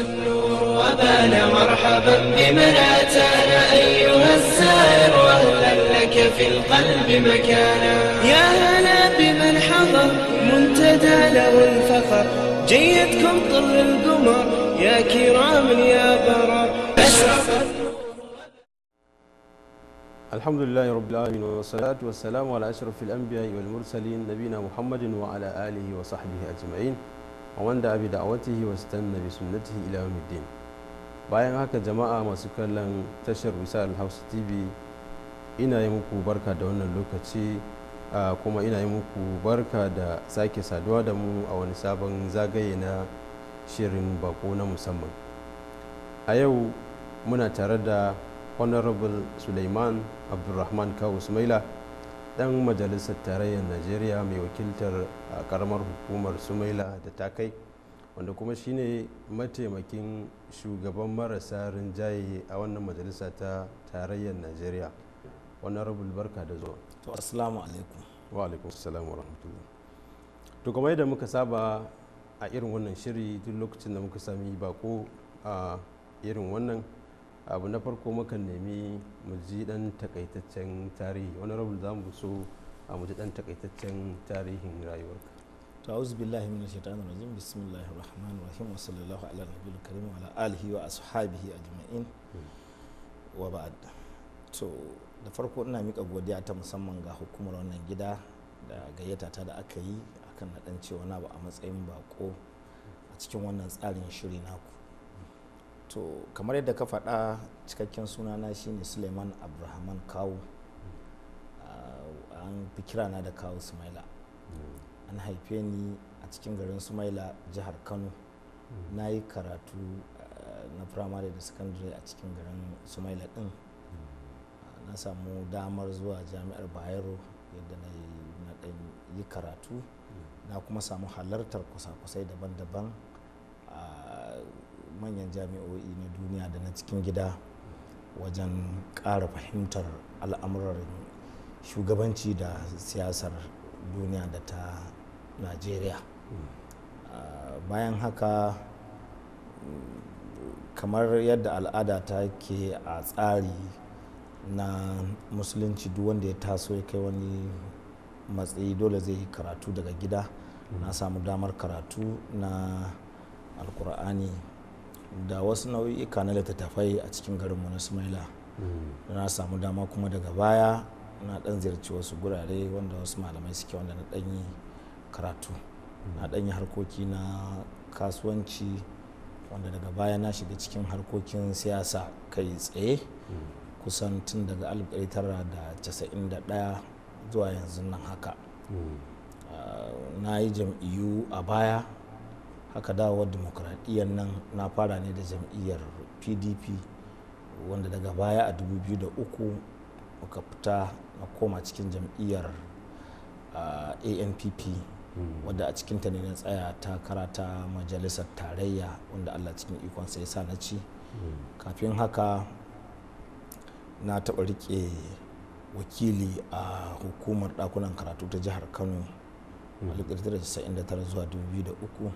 النور وبان مرحبا بمن أتانا أيها الزائر اهلا لك في القلب مكانا يا هلا بمن حضر منتدى له الفخر جيدكم طر القمر يا كرام يا برر أشرف الحمد لله رب العالمين والصلاة والسلام على أشرف الأنبياء والمرسلين نبينا محمد وعلى آله وصحبه أجمعين a wanda abi da'awatihi wasu tanna bi sunnatihi ila yawmiddin bayan haka jama'a masu kallon tashar wisa hausa tv ina yi muku barka da wannan lokaci kuma ina yi muku barka da sake saduwa da mu a wani sabon zagaye na shirin bako na musamman a yau muna tare da honorable suleiman abdulrahman kawu sumaila dan majalisar tarayyar najeriya mai wakiltar a karamar hukumar sumaila da ta kai wanda kuma shine mataimakin shugaban marasa rinjaye a wannan majalisa ta tarayyar najeriya wannan rabu barka da zuwa to assalamu alaikum wa alaikum assalam wa rahmatullah to kamar yadda muka saba a irin wannan shiri duk lokacin da muka sami bako a irin wannan abu na farko mukan nemi mu ji dan takaitaccen tarihi wani rabu za mu so a mu ji dan takaitaccen tarihin rayuwarka ta'awuz billahi minash shaitanir rajim bismillahir rahmanir rahim wa sallallahu ala nabiyil karim wa ala alihi wa ashabihi ajma'in wa ba'd to da farko ina mika godiya ta musamman ga hukumar wannan gida da gayyata ta da aka yi akan na dan cewa na ba a matsayin bako a cikin wannan tsarin shiri naku to kamar yadda ka faɗa cikakken sunana shine suleiman abrahaman kawo ah, an fi kirana da kawo sumaila an haife ni a cikin garin sumaila jihar kano na yi karatu ah, na firamare da sakandare a cikin garin sumaila din ah, na samu damar zuwa jami'ar bayero yadda na yi karatu na kuma samu halartar kusa-kusai daban-daban manyan jami'o'i na duniya da na cikin gida wajen ƙara fahimtar al'amuran shugabanci da siyasar duniya da ta najeriya ah, bayan haka kamar yadda al'ada ta ke a tsari na musulunci duk wanda ya taso ya kai wani matsayi dole zai yi karatu daga gida na samu damar karatu na alkur'ani da wasu nau'ika na littattafai a cikin garinmu na sumaila mm. na samu dama kuma daga baya na dan ziyarci wasu gurare wanda wasu malamai suke wanda na dan yi karatu mm. na dan yi harkoki na kasuwanci wanda daga baya na shiga cikin harkokin siyasa kai tsaye mm. kusan tun daga 1991 zuwa yanzu nan haka ah, na yi jam'iyyu a baya haka dawowar dimokuraɗiyyar nan na fara ne da jam'iyyar pdp wanda daga baya a 2003 muka fita na koma cikin jam'iyyar anpp ah, hmm. wadda a cikinta ne na tsaya ta karata majalisar tarayya wanda allah cikin ikon sai sa na ci hmm. kafin haka na taɓa rike wakili a hukumar ɗakunan karatu ta jihar kano hmm. a 1999 zuwa 2003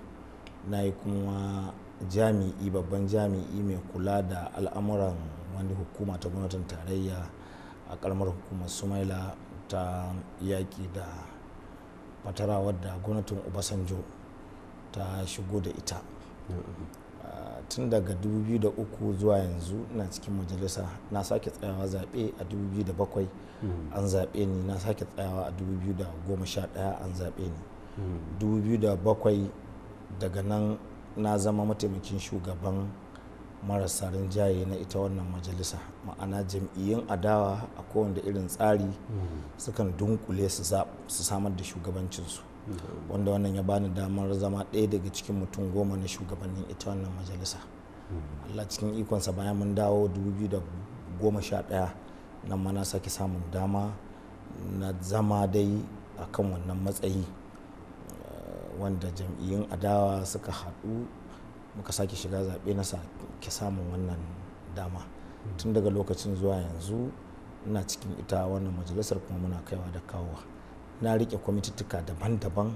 na yi kuma jami'i babban jami'i mai kula da al'amuran wani hukuma ta gwamnatin tarayya a kalmar hukumar sumaila ta yaƙi da fatara wadda gwamnatin obasanjo ta shigo da ita daga ah, tun daga 2003 zuwa yanzu na cikin majalisa na sake tsayawa zaɓe a 2007 hmm. an zaɓe ni na sake tsayawa a 2011 an zaɓe ni 2007 hmm. daga nan na zama mataimakin shugaban marasa rinjaye na ita wannan majalisa ma'ana jam'iyyun adawa a kowane irin tsari sukan dunkule su samar da shugabancinsu wanda wannan ya bani damar zama ɗaya daga cikin mutum goma na shugabannin ita wannan majalisa allah cikin ikonsa bayan mun dawo 2011 nan mana na sake samun dama na zama dai a kan wannan matsayi wanda jam'iyyun adawa suka haɗu muka sake shiga zaɓe na sake samun wannan dama tun daga lokacin zuwa yanzu ina cikin ita wannan majalisar kuma muna kaiwa da kawowa na riƙe kwamitittuka daban-daban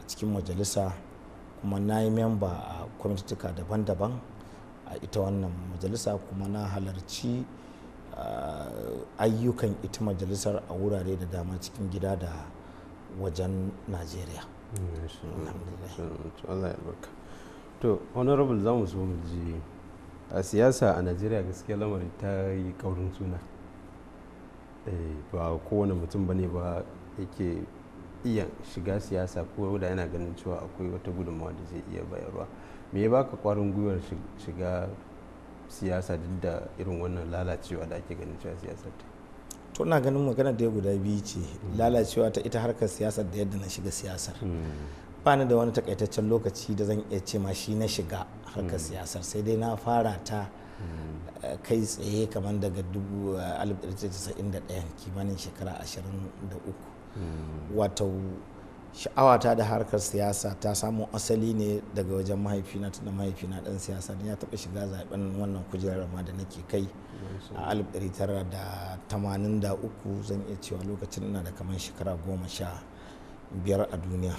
a cikin majalisa kuma na yi memba a kwamitittuka daban-daban a ita wannan majalisa kuma na halarci ah, ayyukan ita majalisar a wurare da dama cikin gida da wajen najeriya so mu a siyasa a najeriya gaskiya lamarin ta yi kaurin suna eh, ba kowane mutum ba ne ba yake iya shiga siyasa ko da yana ganin cewa akwai wata gudunmawa da zai iya bayarwa me ya baka kwarin gwiwar shiga siyasa duk da irin wannan lalacewa da ake ganin cewa siyasa ta to na ganin magana da guda biyu ce lalacewa ta ita harkar siyasar da yadda na shiga siyasar hmm. ba da wani takaitaccen lokaci da zan iya ce ma shi na shiga harkar hmm. siyasar sai dai na fara ta hmm. eh, kai tsaye kamar daga 1991 eh, kimanin shekara 23 wato sha'awata da harkar siyasa ta samu asali ne daga wajen mahaifina tunda mahaifina dan siyasa ne ya taɓa shiga zaben wannan kujerar ma da nake kai a uku zan iya cewa lokacin ina da kamar shekara goma sha biyar a duniya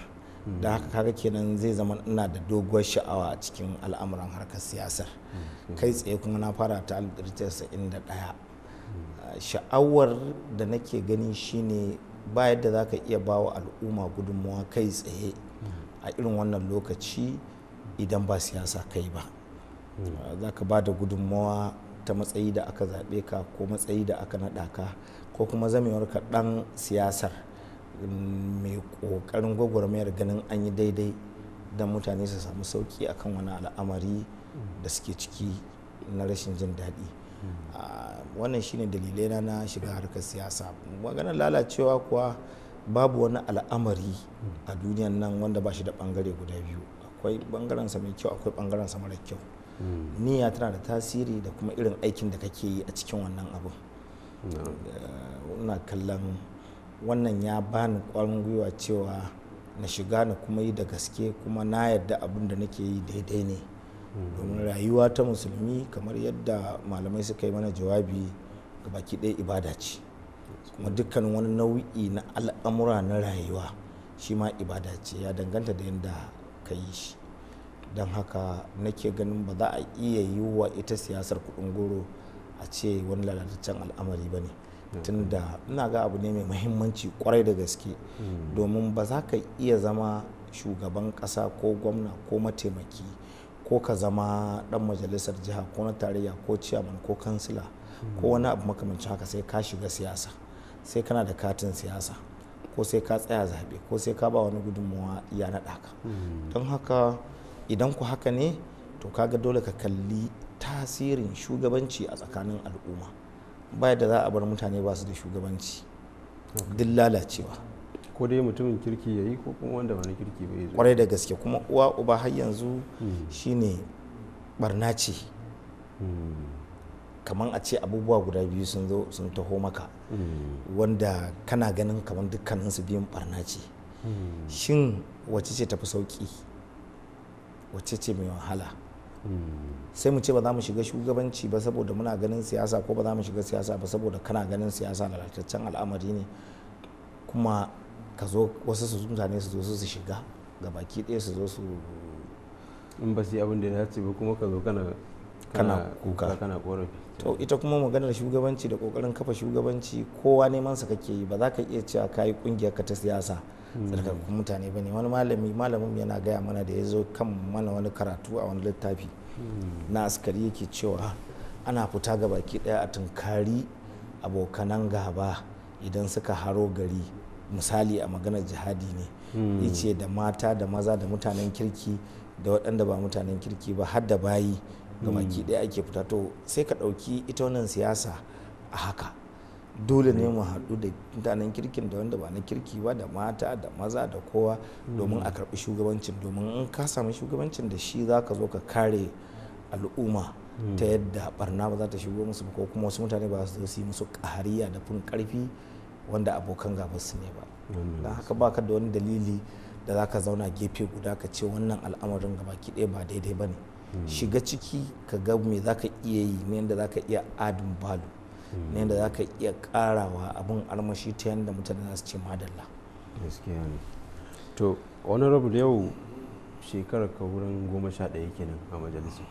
da haka kaga kenan zai zama ina da doguwar sha'awa a cikin al'amuran harkar siyasar mm-hmm. kai tsaye kuma na fara ta ɗaya. sha'awar da nake gani shine ba yadda za ka iya bawa al'umma gudunmawa kai tsaye a irin wannan lokaci idan ba siyasa kai ba mm. za ka ba da gudunmawa ta matsayi da aka zaɓe ka ko matsayi da aka naɗa ka ko kuma zamewar ka ɗan siyasar mm, mai ƙoƙarin gwagwarmayar ganin an yi daidai don mutane su samu sauƙi akan wani al'amari da suke ciki na rashin jin daɗi hmm. ah, wannan shine dalilai na shiga harkar siyasa maganar lalacewa kuwa babu wani al'amari hmm. a duniyan nan wanda ba shi da ɓangare guda biyu akwai ɓangarensa mai kyau akwai ɓangarensa mara kyau niyya tana da tasiri da kuma irin aikin da kake yi a cikin wannan abu. Eh, na kallon wannan ya bani kwarin gwiwa cewa na shiga na kuma yi da gaske kuma na yarda abin da nake yi daidai ne domin rayuwa ta musulmi kamar yadda malamai suka yi mana jawabi ga baki ɗaya ibada ce kuma dukkan wani nau'i na al'amura na rayuwa shi ma ibada ce ya danganta da yadda ka yi shi don haka nake ganin ba za a iya yi wa ita siyasar kudin goro a ce wani lalataccen al'amari ba ne mm. tunda ina ga abu ne mai mahimmanci kwarai da gaske mm. domin ba za ka iya zama shugaban kasa ko gwamna ko mataimaki ko ka zama dan majalisar jiha ko na tarayya ko ciyaman ko kansila mm. ko wani abu makamancin haka sai ka shiga siyasa sai kana da katin siyasa ko sai ka tsaya zaɓe ko sai ka ba wani gudunmawa ya naɗa ka don haka idan ku haka ne to kaga dole ka kalli tasirin shugabanci a tsakanin al'umma bayan da za a bar mutane ba su da shugabanci duk lalacewa ko dai mutumin kirki ya yi ko kuma wanda wani kirki bai zo kwarai da gaske kuma uwa uba har yanzu hmm. shine barna ce hmm. kamar a ce abubuwa guda biyu sun zo sun taho maka hmm. wanda kana ganin kamar dukkaninsu biyun barna ce shin wace ce tafi sauki wacce ce mai wahala hmm. sai mu ce ba za mu shiga shugabanci ba saboda muna ganin siyasa ko ba za mu shiga siyasa ba saboda kana ganin siyasa lalataccen al'amari ne kuma ka zo wasu su mutane su zo su shiga ga baki ɗaya su zo su in ba su yi abin da ya ce ba kuma ka zo kana kana kuka kana korafi to ita kuma maganar shugabanci da kokarin kafa shugabanci kowa neman sa kake yi ba za ka iya cewa kayi kungiyar ka ta siyasa tsarkakun mutane ba wani malami malamin yana gaya mana da ya zo kan mana wani karatu a wani littafi na askari yake cewa ana fita ga baki daya a tunkari abokanan gaba idan suka haro gari misali a maganar jihadi ne hmm. ya ce da mata da maza da mutanen kirki da waɗanda ba mutanen kirki ba har da bayi ga baki daya hmm. ake fita to sai ka ɗauki ita wannan siyasa a haka dole ne eh. mu haɗu da mutanen kirkin da wanda ba na kirki ba da mata da maza da kowa hmm. domin a karɓi shugabancin domin in ka samu shugabancin da shi za ka zo ka kare al'umma hmm. ta yadda barna ba za ta shigo musu ko kuma wasu mutane ba su zo yi musu ƙahariya da fin ƙarfi wanda abokan gaba su ne ba don haka baka da wani dalili da za ka zauna gefe guda ka ce wannan al'amarin gabaki ɗaya ba daidai ba ne hmm. shiga ciki ka ga me za ka iya yi ne yadda za ka iya adin balu ne da za ka iya karawa abin armashi ta yadda mutane za su ce madalla gaskiya ne to honorable yau shekarar ka wurin goma sha ɗaya kenan a majalisa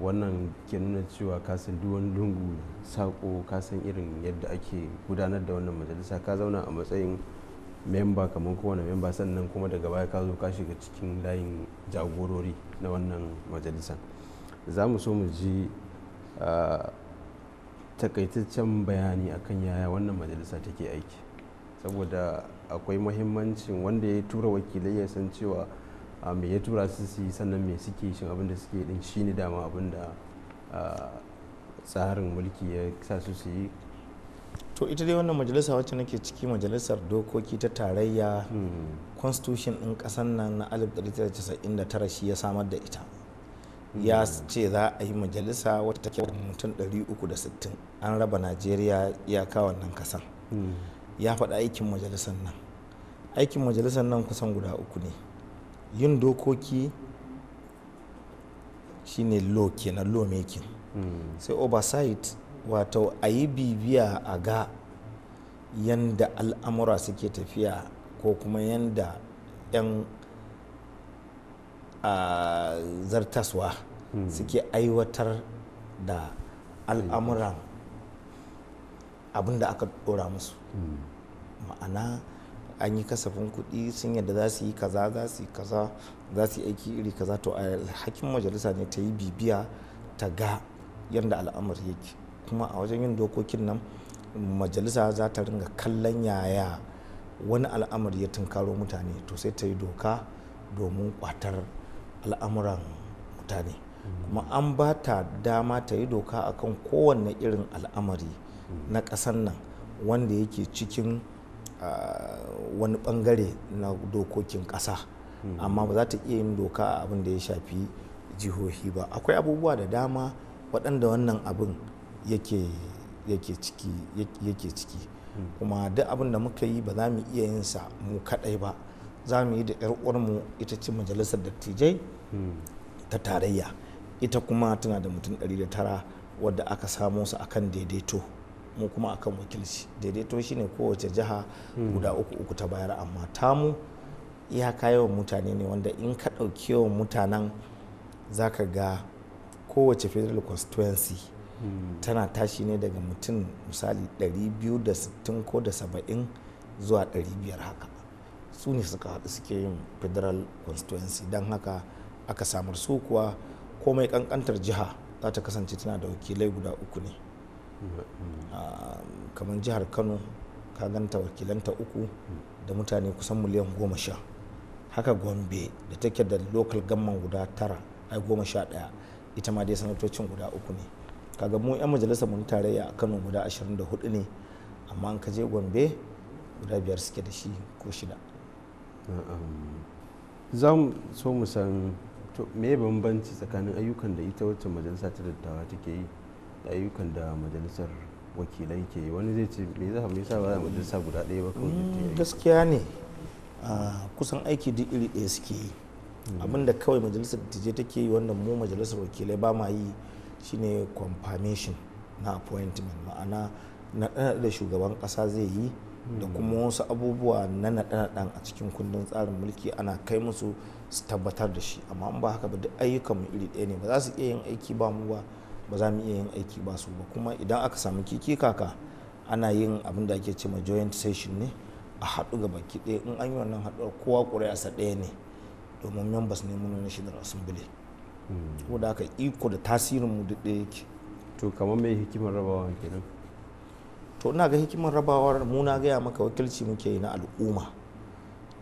wannan ke nuna cewa kasan duk wani lungu sako kasan irin yadda ake gudanar da wannan majalisa ka zauna a matsayin memba kamar kowane memba sannan kuma daga baya ka zo ka shiga cikin layin jagorori na wannan majalisa za mu so mu ji ah, takaitaccen bayani akan yaya wannan majalisa take aiki saboda akwai mahimmancin wanda ya tura wakilai ya san cewa ah, me ya tura su su sannan me suke shin abin da suke din shine dama abin da ah, tsarin mulki ya sa su su yi to ita dai wannan majalisa wacce nake ciki majalisar dokoki ta tarayya hmm. constitution din kasan nan na 1999 shi ya samar da ita ya ce za a yi majalisa wata take mutum 360 an raba najeriya iyaka wannan kasan hmm. ya faɗa aikin majalisar nan aikin majalisar nan kusan guda uku ne yin dokoki shine lo kenan lo making hmm. sai oversight wato a yi bibiya a ga yanda al'amura suke tafiya ko kuma yanda 'yan a zartaswa suke aiwatar da al'amuran abinda aka dora musu ma'ana an yi kasafin kuɗi sun yadda za su yi kaza za su yi kaza za su yi aiki iri kaza to a hakin majalisa ne ta yi bibiya ta ga yadda al'amur yake kuma a wajen yin dokokin nan majalisa za ta ringa kallon yaya wani al'amur ya tunkaro mutane to sai ta yi doka domin kwatar al'amuran mutane kuma an ba ta dama ta yi doka akan kowanne irin al'amari na kasan nan wanda yake cikin wani ɓangare na dokokin ƙasa amma ba za ta iya yin doka a abin da ya shafi jihohi ba akwai abubuwa da dama waɗanda wannan abin yake ciki kuma duk abin da muka yi ba za mu iya yin sa mu kaɗai ba za mu yi da 'yaruwar mu ita ce majalisar dattijai ta tarayya ita kuma tana da mutum tara wadda aka samo su akan daidaito mu kuma akan wakilci daidaito shine kowace jiha guda uku uku ta bayar amma tamu ya yawan mutane ne wanda in ka ɗauki yawan mutanen za ka ga kowace federal constituency tana tashi ne daga mutum misali 260 ko da 70 zuwa 500 haka su ne suka haɗu suke yin federal constituency don haka aka samar su kuwa komai kankantar jiha za ta kasance tana da wakilai guda uku ne ah, kamar jihar kano ka ganta wakilanta uku da mutane kusan miliyan goma sha haka gombe da take da local gamman guda tara ai goma sha daya ita ma dai sanatocin guda uku ne kaga mu 'yan majalisar mun tarayya a kano guda 24 ne amma an kaje gombe guda biyar suke da shi ko shida za mu so mu san to me bambanci tsakanin ayyukan da ita wacce majalisa ta dattawa take yi da ayyukan da majalisar wakilai ke yi wani zai ce me za me sa ba za majalisa guda ɗaya ba kawai mm, gaskiya ne kusan aiki duk iri ɗaya suke yi mm. abin da kawai majalisar je take yi wanda mu majalisar wakilai ba ma yi shine confirmation na appointment ma'ana na da shugaban ƙasa zai yi da mm. kuma wasu abubuwa na naɗa naɗan a cikin kundin tsarin mulki ana kai musu su tabbatar da shi amma ba haka ba duk ayyukan mu iri ɗaya ne ba za su iya yin aiki ba mu ba ba za mu iya yin aiki ba su ba kuma idan aka samu kiki kaka ana yin abin da ake cewa joint session ne a haɗu ga baki ɗaya in an yi wannan haɗuwar kowa ƙuri'arsa ɗaya ne domin members ne shi da rasun bile ko da aka iko da tasirin mu duk ɗaya yake to kamar mai hikimar rabawa kenan to ina ga hikimar rabawar mu na gaya maka wakilci muke yi na al'umma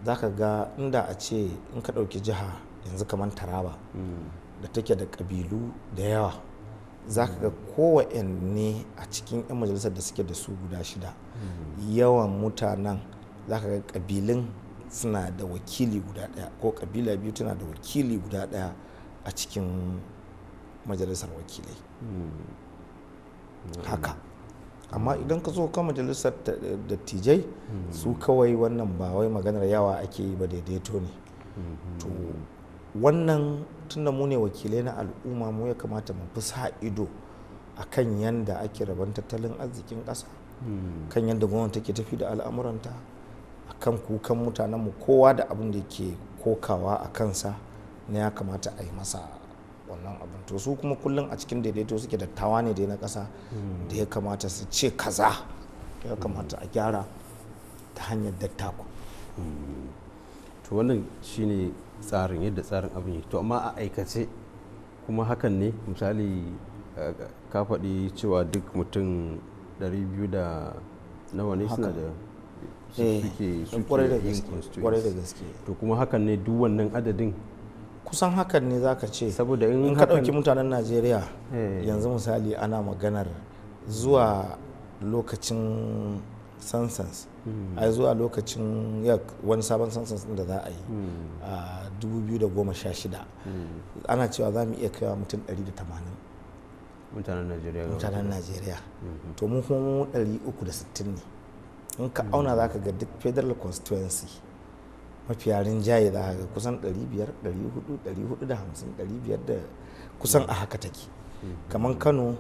za ka ga inda a ce in ka ɗauki jiha yanzu kamar taraba hmm. da take da ƙabilu da yawa za ga kowanne a cikin 'yan majalisar da suke da su guda shida hmm. yawan mutanen za ka ga ƙabilun suna da wakili guda ɗaya ko ƙabila biyu tana da wakili guda ɗaya a cikin majalisar wakilai hmm. haka amma idan ka zo ka majalisar dattijai hmm. su kawai wannan ba wai maganar yawa ake yi ba daidaito ne hmm. to wannan tunda mu ne wakilai na al'umma mu ya kamata mu fi sa ido a kan yadda ake rabon tattalin arzikin ƙasa hmm. kan yadda gwamnati take tafi da al'amuranta a kan kukan mutanenmu kowa da abin da ke kokawa a kansa na ya kamata a yi masa wannan abin to su kuma kullum a cikin daidaito suke dattawa ne dai na ƙasa hmm. da ya kamata su ce kaza ya hmm. kamata a gyara ta hanyar dattako hmm. to wannan shine tsarin yadda tsarin abin yi to amma a aikace kuma hakan ne misali eh, ka faɗi cewa duk mutum 200 da nawa ne suna da eh, suke suke gaske. to kuma hakan ne duk wannan adadin kusan hakan ne zaka ce saboda in ka ɗauki mutanen najeriya eh. yanzu misali ana maganar zuwa lokacin sansans hmm. a zuwa lokacin wani sabon sansans da za a yi hmm. a 2016 hmm. ana cewa za mu iya kaiwa mutum 180 mutanen najeriya mutanen najeriya to mun kuma 360 ne in ka auna za ka ga duk federal constituency mafiya rinjaye za ga kusan 500 kusan a haka take hmm. kamar kano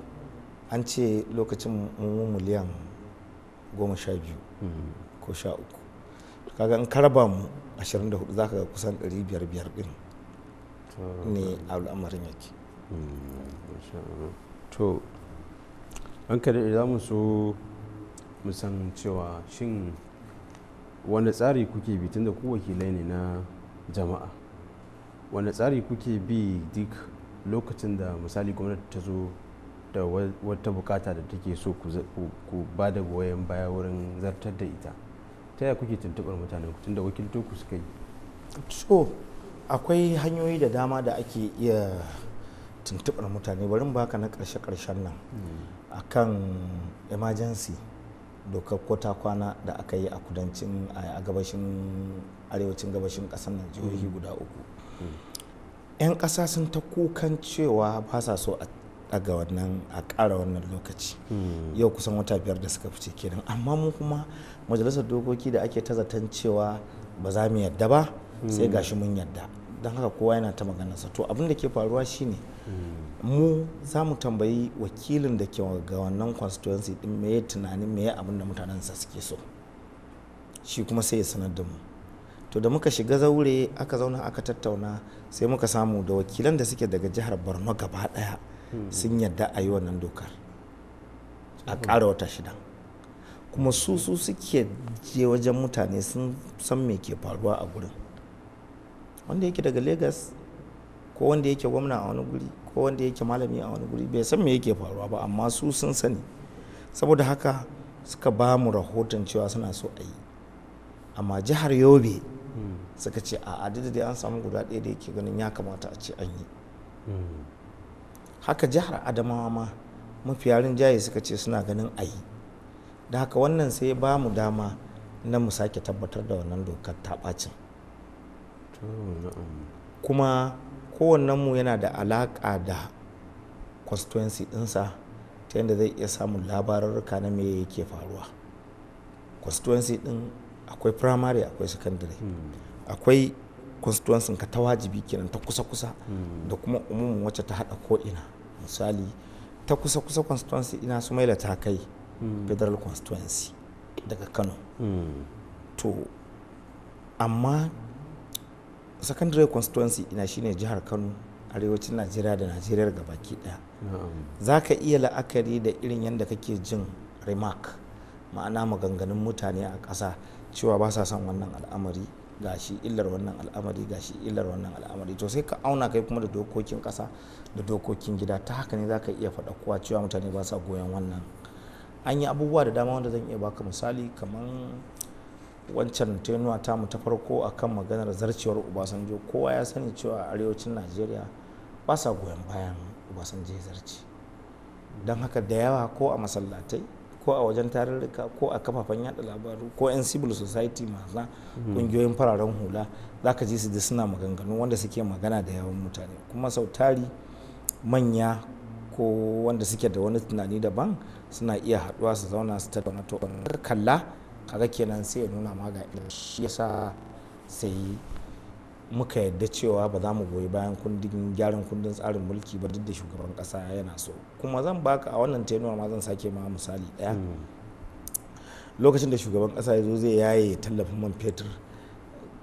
an ce lokacin mu miliyan 12 hmm. ko 13 kaga in karaba mu 24 za ka ga kusan 500 din ne a hmm. al'amarin yake to an kada idan mu so musan cewa shin wanda tsari kuke bi tunda ku wakilai ne na jama'a wanda tsari kuke bi duk lokacin da misali gwamnati ta zo da wata bukata da take so ku ba da goyon baya wurin zartar da ita ta yaya kuke tuntubar mutanen ku tunda wakilto ku suka yi so akwai hanyoyi da dama da ake iya tuntubar mutane bari baka na karshe karshen nan hmm. akan emergency dokar kota kwana da aka yi a kudancin a gabashin arewacin gabashin kasar nan jihohi guda uku yan ƙasa sun ta kukan cewa ba sa so a daga wannan a ƙara wannan lokaci yau kusan wata biyar da suka fice kenan amma mu kuma majalisar dokoki da ake ta cewa ba za mu yadda ba sai gashi mun yadda don haka kowa yana ta maganarsa to abinda ke faruwa shine mu za mu tambayi wakilin da ke ga wannan constituency din me tunanin me abin da mutanen sa suke so shi kuma sai ya sanar da mu to da muka shiga zaure aka zauna aka tattauna sai muka samu da wakilan da suke daga jihar borno gaba daya hmm. sun yarda a yi wannan dokar a hmm. ƙara wata shida kuma su su suke je wajen mutane sun san me ke faruwa a gurin wanda yake daga lagos ko wanda yake gwamna a wani guri ko wanda yake malami a wani guri bai san me yake faruwa ba amma su sun sani saboda haka suka ba mu rahoton cewa suna so a yi amma jihar yobe suka ce a adida dai an samu guda ɗaya da yake ganin ya kamata a ce an yi haka jihar adamawa ma mafiya jaye suka ce suna ganin a yi da haka wannan sai ya ba mu dama na mu sake tabbatar da wannan dokar ta ɓacin kuma mu yana da alaƙa da constituency ɗinsa ta yadda zai iya samun labarurruka na me yake faruwa constituency ɗin akwai primary akwai secondary hmm. akwai constituency ka ta wajibi kenan ta kusa-kusa hmm. da kuma umumin wacce ta haɗa ko'ina misali ta kusa-kusa constituency ina su maila ta kai hmm. federal constituency daga kano to amma secondary constituency ina shine jihar kano arewacin najeriya da najeriya ga baki daya zaka iya la'akari da irin yadda kake jin remark ma'ana maganganun mutane a ƙasa cewa ba sa son wannan al'amari gashi illar wannan al'amari gashi illar wannan al'amari to sai ka auna kai kuma da dokokin ƙasa da dokokin gida ta haka ne zaka iya faɗa kowa cewa mutane ba sa goyon wannan an yi abubuwa da dama wanda zan iya baka misali kamar wancan tenuwa ta mu ta farko a kan maganar zarcewar obasanjo kowa ya sani cewa a arewacin najeriya ba sa goyon bayan obasanjo ya zarce don haka da yawa ko a masallatai ko a wajen tarurruka ko a kafafen yada labaru ko 'yan civil society maza. kungiyoyin hmm. fararen hula za ka ji su da suna maganganu wanda suke magana da yawan mutane kuma sau tari manya ko wanda suke da wani tunani daban suna iya haɗuwa su zauna su tattauna to kalla kaga kenan sai ya nuna ma ga irin shi yasa sai muka yadda cewa ba za mu goyi bayan kundin gyaran kundin tsarin mulki ba duk da shugaban kasa yana so kuma zan baka a wannan tenuwa ma zan sake ma misali ɗaya hmm. lokacin da shugaban kasa ya zo zai yaye tallafin man fetur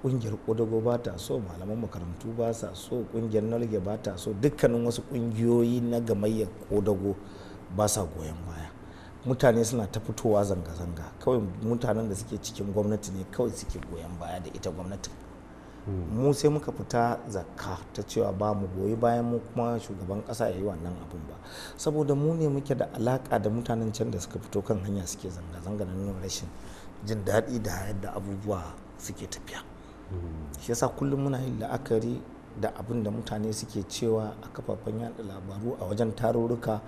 kungiyar kodago ba ta so malaman makarantu ba sa so kungiyar nalge ba ta so dukkanin wasu kungiyoyi na gamayyar kodago ba sa goyon baya mutane suna ta fitowa zanga-zanga kawai mutanen da suke cikin gwamnati ne kawai suke goyon baya da ita gwamnati hmm. mu sai muka fita zakka ta cewa ba mu goyi bayan mu kuma shugaban kasa ya yi wannan abin ba saboda mu ne muke da alaka da mutanen can da suka fito kan hanya suke zanga-zanga na nuna rashin jin daɗi da yadda abubuwa suke tafiya hmm. shi yasa kullum muna yin la'akari da abin da mutane suke cewa a kafafen yada labaru a wajen tarurruka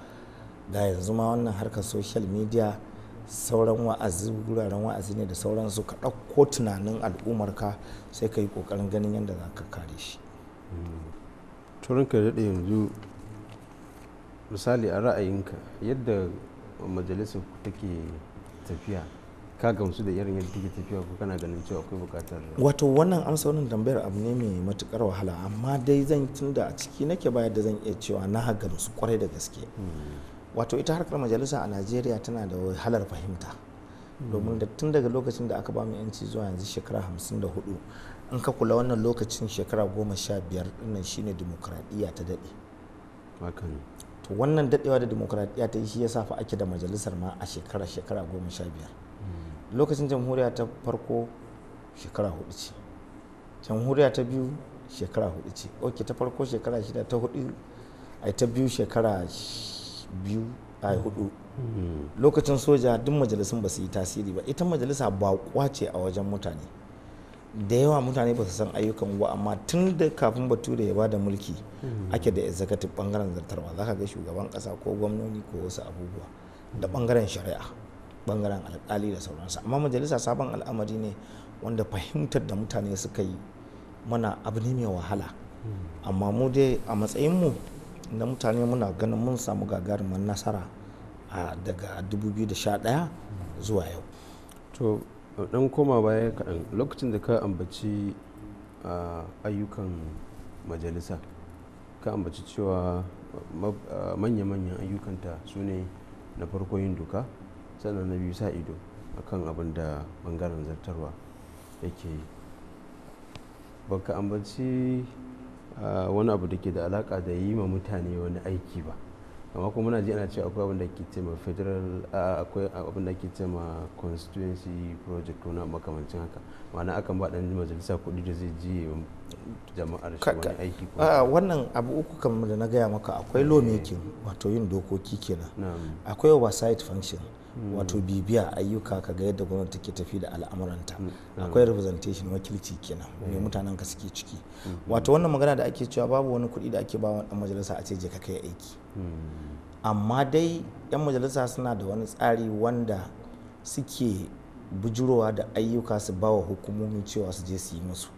da yanzu ma wannan harkar social media sauran wa'azi guraren wa'azi ne da sauransu ka ɗauko tunanin al'ummarka sai ka yi ƙoƙarin ganin yadda za ka kare shi turin ka daɗe yanzu misali a ra'ayinka yadda majalisar ku take tafiya ka gamsu da irin yadda take tafiya ko kana ganin cewa akwai bukatar wato wannan amsa wannan tambayar abu ne mai matukar wahala amma dai zan tunda a ciki nake bayar da zan iya cewa na gamsu kwarai da gaske hmm. wato ita harkar majalisa a najeriya tana da wahalar fahimta domin da tun daga lokacin da aka ba mu yanci zuwa yanzu shekara hamsin da hudu in ka kula wannan lokacin shekara goma sha biyar dinnan shine demokradiyya ta daɗe to wannan daɗewa da demokradiyya ta yi shi ya sa fa ake da majalisar ma a shekara shekara goma sha biyar hmm. lokacin jamhuriya ta farko shekara hudu ce jamhuriya ta biyu shekara hudu ce ok ta farko shekara shida ta hudu ai ta biyu shekara biyu a hudu hmm. lokacin soja duk majalisun ba su yi tasiri ba ita majalisa ba kwace a wajen mutane da yawa mutane ba su san ayyukan ba amma tun da kafin batu da ya ba da mulki hmm. ake da executive bangaren zartarwa za ka ga shugaban kasa ko gwamnoni ko wasu abubuwa da bangaren shari'a bangaren alkali da sauransu amma majalisa sabon al'amari ne wanda fahimtar da mutane suka yi mana abu ne mai wahala hmm. amma mu dai a matsayin mu. na mutane muna ganin mun samu gagarumin nasara a daga 2011 zuwa yau to dan koma baya kaɗan lokacin da ka ambaci ayyukan majalisa ka ambaci cewa manya-manyan ayyukanta su ne na farko yin doka sannan na biyu sa ido kan abin da bangaren zartarwa yake yi baka ambaci wani abu da ke da alaka da yi ma mutane wani aiki ba amma kuma muna ji ana cewa akwai abin da ke ce ma federal akwai abin da ke ce ma constituency project ko na makamancin haka ma'ana akan ba dan majalisa kuɗi da zai ji jama'ar shi wani aiki ko a wannan abu uku kamar da na gaya maka akwai eh. lawmaking wato yin dokoki kenan akwai oversight function Hmm. wato bibiya ayyuka ka ga yadda gwamnati take tafi da al'amuranta hmm. Hmm. akwai representation wakilci kenan mai mutanen ka suke ciki wato wannan magana da ake cewa babu wani kuɗi da ake bawa dan majalisa a ce je ka kai aiki amma dai 'yan majalisa suna da wani tsari wanda suke bujurowa da ayyuka su bawa hukumomi cewa su je su yi musu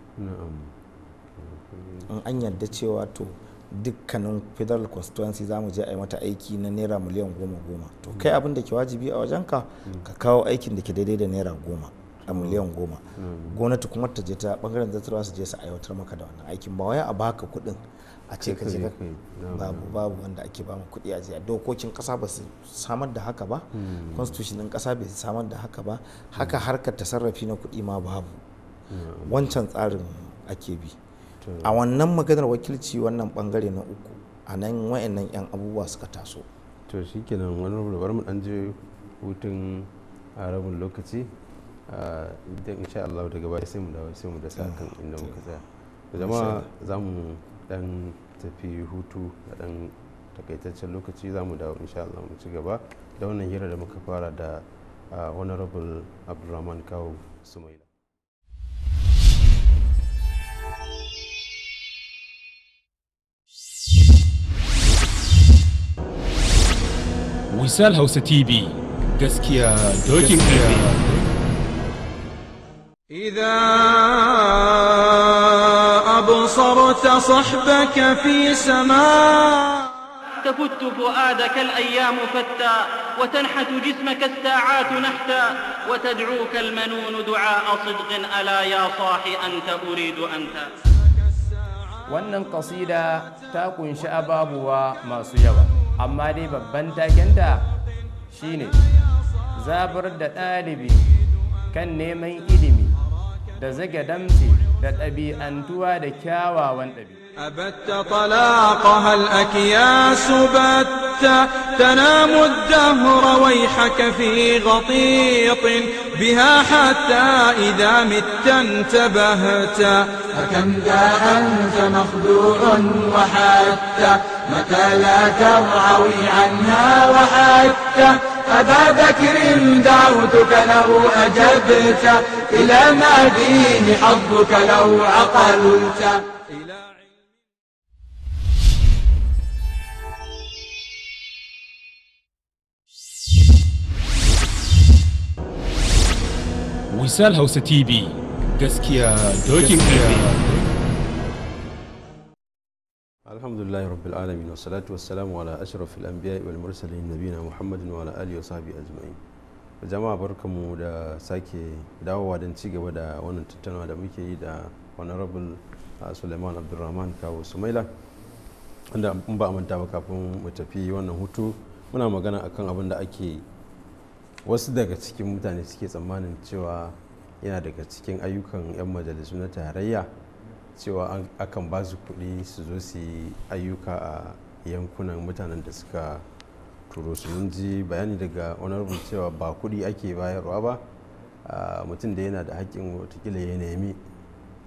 in an yarda cewa to dukkanin federal constituency za mu je a yi mata aiki na naira miliyan goma goma to kai abin da ke wajibi a wajenka ka kawo aikin da ke daidai da naira goma a miliyan goma gwamnati kuma ta je ta bangaren zartarwa su je su aiwatar maka da wannan aikin ba wai a baka kuɗin a ce ka je babu babu wanda ake ba mu kuɗi a jiya dokokin kasa ba su samar da haka ba hmm. constitution ɗin ƙasa bai samar da haka ba hmm. haka harkar tasarrafi na kuɗi ma babu wancan tsarin ake bi a wannan maganar wakilci wannan bangare na uku a nan wayannan yan abubuwa suka taso to shikenan wani rubar mu dan je hutun a rabin lokaci idan insha Allah daga baya sai mu dawo sai mu da kan ah, inda muka tsaya jama'a za mu dan tafi hutu a dan takaitaccen lokaci za mu dawo insha Allah mu ci gaba da wannan hira da muka fara da honorable abdulrahman kawo sumaila Wisal Hausa TV gaskiya dokin ƙarfi. إذا أبصرت صحبك في سماء تفت فؤادك الأيام فتى وتنحت جسمك الساعات نحتا وتدعوك المنون دعاء صدق ألا يا صاحي أنت أريد أنت وأن القصيدة ta kunshi ما masu amma dai babban takenta shine zabar da ɗalibi kan neman ilimi da zage damti da ɗabi'antuwa da kyawawan ɗabi'u أبت طلاقها الأكياس بت تنام الدهر ويحك في غطيط بها حتى إذا مت انتبهت فكم ذا أنت مخدوع وحتى متى لا ترعوي عنها وحتى أبا بكر دعوتك لو أجبت إلى ما فيه حظك لو عقلت Wisal Hausa TV gaskiya dokin ƙarfi. Alhamdulillahi rabbil alamin wa salatu wa salamu ala ashrafil anbiya wal mursalin nabiyina Muhammadin wa ala alihi wa sahbihi ajma'in. Jama'a barkamu da sake dawowa don ci gaba da wannan tattaunawa da muke yi da honorable Suleiman Abdulrahman Kawo Sumaila. Wanda ba a manta ba kafin mu tafi wannan hutu muna magana akan abin da ake wasu daga cikin mutane suke tsammanin cewa yana daga cikin ayyukan 'yan majalisu na tarayya cewa akan ba su kuɗi su zo su yi ayyuka a yankunan mutanen da suka turo su mun ji bayani daga honorable cewa ba kuɗi ake bayarwa ba mutum da yana da haƙƙin watakila ya nemi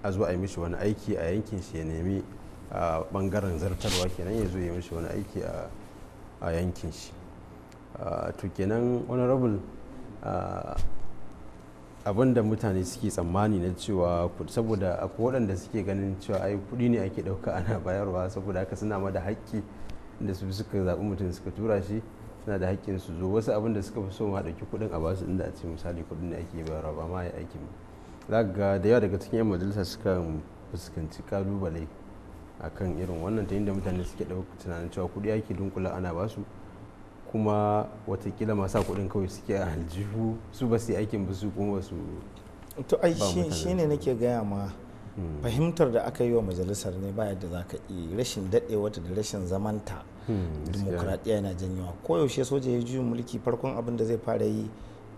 a zo a yi mishi wani aiki a yankin shi ya nemi a bangaren zartarwa kenan ya zo ya mishi wani aiki a yankin shi Ah, to kenan honorable ah, abin da mutane suke tsammani na cewa saboda akwai waɗanda suke ganin cewa ai kuɗi ne ake ɗauka ana bayarwa saboda haka suna ma da haƙƙi da su suka zaɓi mutum suka tura shi suna da haƙƙin su zo wasu abin da suka fi so ma ɗauki kuɗin a basu inda a ce misali kuɗin ne ake bayarwa ba ma ya aiki za ga da yawa daga cikin 'yan majalisa suka fuskanci kalubale akan irin wannan ta inda mutane suke ɗauka tunanin cewa kuɗi ake dunkula ana ba su. kuma watakila masu kuɗin kawai suke a aljihu su ba su aikin ba su kuma su to ai shi ne nake gaya ma hmm. fahimtar da aka yi wa majalisar ne ba da za ka yi rashin daɗewata da rashin zamanta hmm, dimokuraɗiyya yana janyowa koyaushe soja ya juyin mulki farkon abin da zai fara yi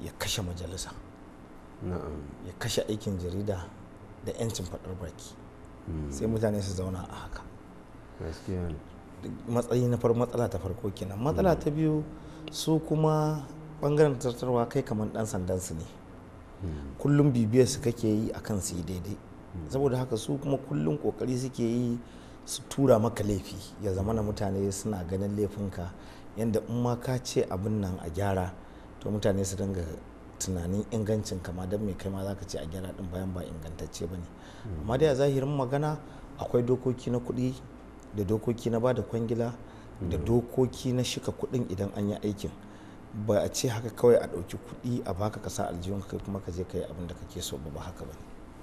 ya kashe majalisa ya kashe aikin jarida da 'yancin faɗar baki hmm. sai mutane su zauna a haka matsayi na farko matsala ta farko kenan matsala ta hmm. biyu su kuma bangaren tattarwa kai kamar dan sandan su ne hmm. kullum bibiyar su kake yi akan su daidai hmm. saboda haka su kuma kullum kokari suke yi su tura maka laifi ya zama na mutane suna ganin laifinka yadda in ma ka ce abin nan a gyara to mutane su dinga tunanin ingancin kama don mai kai ma za ka ce a gyara din bayan ba ingantacce ba ne amma dai a zahirin magana akwai dokoki na kuɗi da dokoki na bada kwangila da mm. dokoki na shika kudin idan an yi aikin ba a ce haka kawai a ɗauki kuɗi a baka ka sa aljihun kai kuma ka je ka yi abin da kake so ba haka ba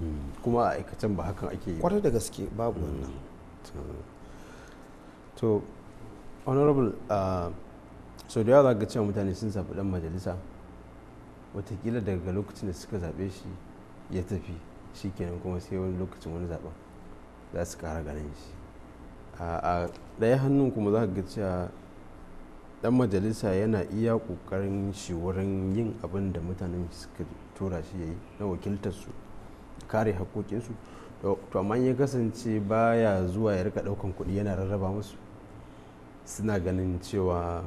mm. kuma a aikacen ba hakan ake yi kwarar da gaske babu wannan mm. to honorable uh, so da yawa ga cewa mutane sun zaɓi ɗan majalisa watakila daga lokacin da suka zaɓe shi ya tafi shi kenan kuma sai wani lokacin wani zaɓen za su ƙara ganin shi a ɗaya hannun kuma za ga cewa ɗan majalisa yana iya ƙoƙarin shi wurin yin abin da mutanen suka tura shi ya yi na wakiltarsu kare haƙoƙinsu to amma ya kasance baya zuwa ya rika ɗaukan kuɗi yana rarraba musu suna ganin cewa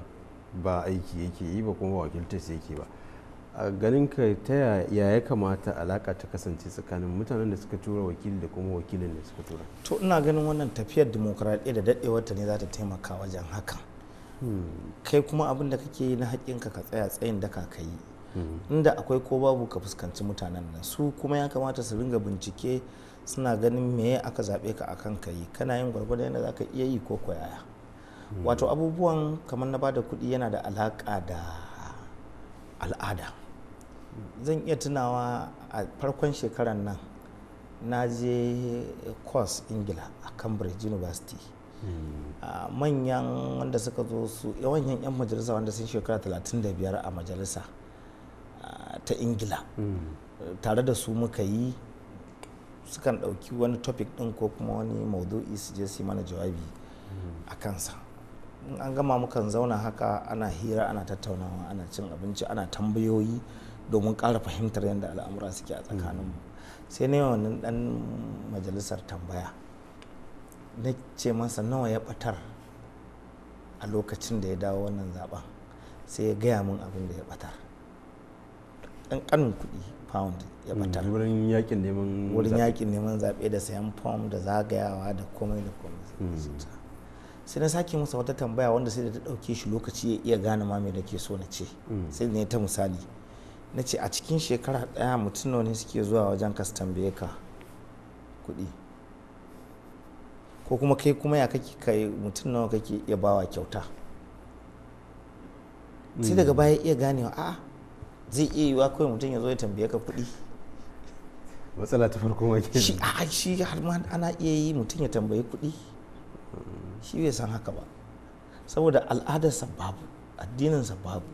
ba aiki yake yi ba kuma wakiltarsu yake ba a ganin ka ta ya ya kamata alaka ta kasance tsakanin mutanen da suka tura wakili da kuma wakilin da suka tura to ina ganin wannan tafiyar dimokuraɗiyya da daɗewar ta ne za ta taimaka wajen hakan hmm. kai kuma abin da kake yi na haƙƙinka ka tsaya tsayin da ka yi hmm. inda akwai ko babu ka fuskanci mutanen nan su kuma ya kamata su ringa bincike suna ganin ya aka zaɓe ka akan ka yi kana yin gwargwadon yadda za ka iya yi ko koyaya hmm. wato abubuwan kamar na bada kuɗi yana da alaƙa da al'ada zan iya tunawa a farkon shekarar nan na je course ingila a cambridge university hmm. manyan wanda suka zo su yawan 'yan majalisa wanda sun shekara 35 a majalisa ta ingila hmm. tare da su muka yi sukan ɗauki wani topic ɗin ko kuma wani maudu'i su je su mana jawabi hmm. a kansa an gama mukan zauna haka ana hira ana tattaunawa ana cin abinci ana tambayoyi domin ƙara fahimtar yadda al'amura suke a tsakaninmu sai na yawan ɗan majalisar tambaya na ce masa nawa ya ɓatar a lokacin da ya dawo wannan zaben sai ya gaya min abin da ya ɓatar ƙanin kuɗi pound ya hmm, ɓatar wurin yakin neman zaɓe da sayan pound da zagayawa da komai da komai hmm. sai na sake masa wata tambaya wanda sai da ta ɗauke shi lokaci ya iya gane ma me da ke so na ce hmm. sai ne ta misali na ce a cikin shekara ɗaya mutum ne suke zuwa wajen ka su tambaye ka kuɗi ko kuma kai kuma ya kake kai mutum nawa kake iya bawa kyauta sai daga mm. baya iya ganewa a zai iya yiwa kawai mutum ya zo ya tambaye ka kuɗi matsala ta farko ma shi a shi har ma ana iya yi mutum ya tambayi kuɗi shi bai san haka ba saboda al'adarsa babu addininsa babu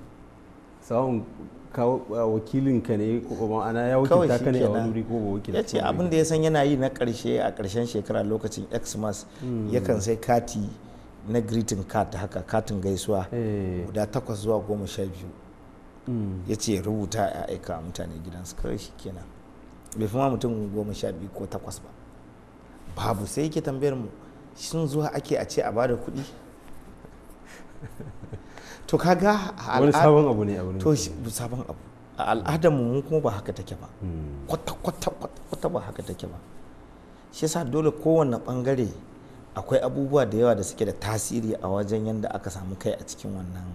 kawo wakilin ka ne ko ma'ana ya wakilta ka ne a wani wuri ko ba wakilta ya ce abin da ya san yana yi na karshe a karshen shekara lokacin xmas hmm. yakan sai kati na greeting card haka katin gaisuwa eh. guda takwas zuwa goma sha biyu hmm. ya ce rubuta a aika mutane gidansu kawai shi kenan bai fi ma mutum goma sha biyu ko takwas ba babu sai yake tambayar mu shin zuwa ake a ce a bada kuɗi to kaga wani sabon abu ne abu to sabon abu a al'adar mu kuma ba haka take ba hmm. kwata kwata kwata ba haka take ba shi yasa dole kowanne bangare akwai abubuwa da yawa da suke da tasiri a wajen yadda aka samu kai a cikin wannan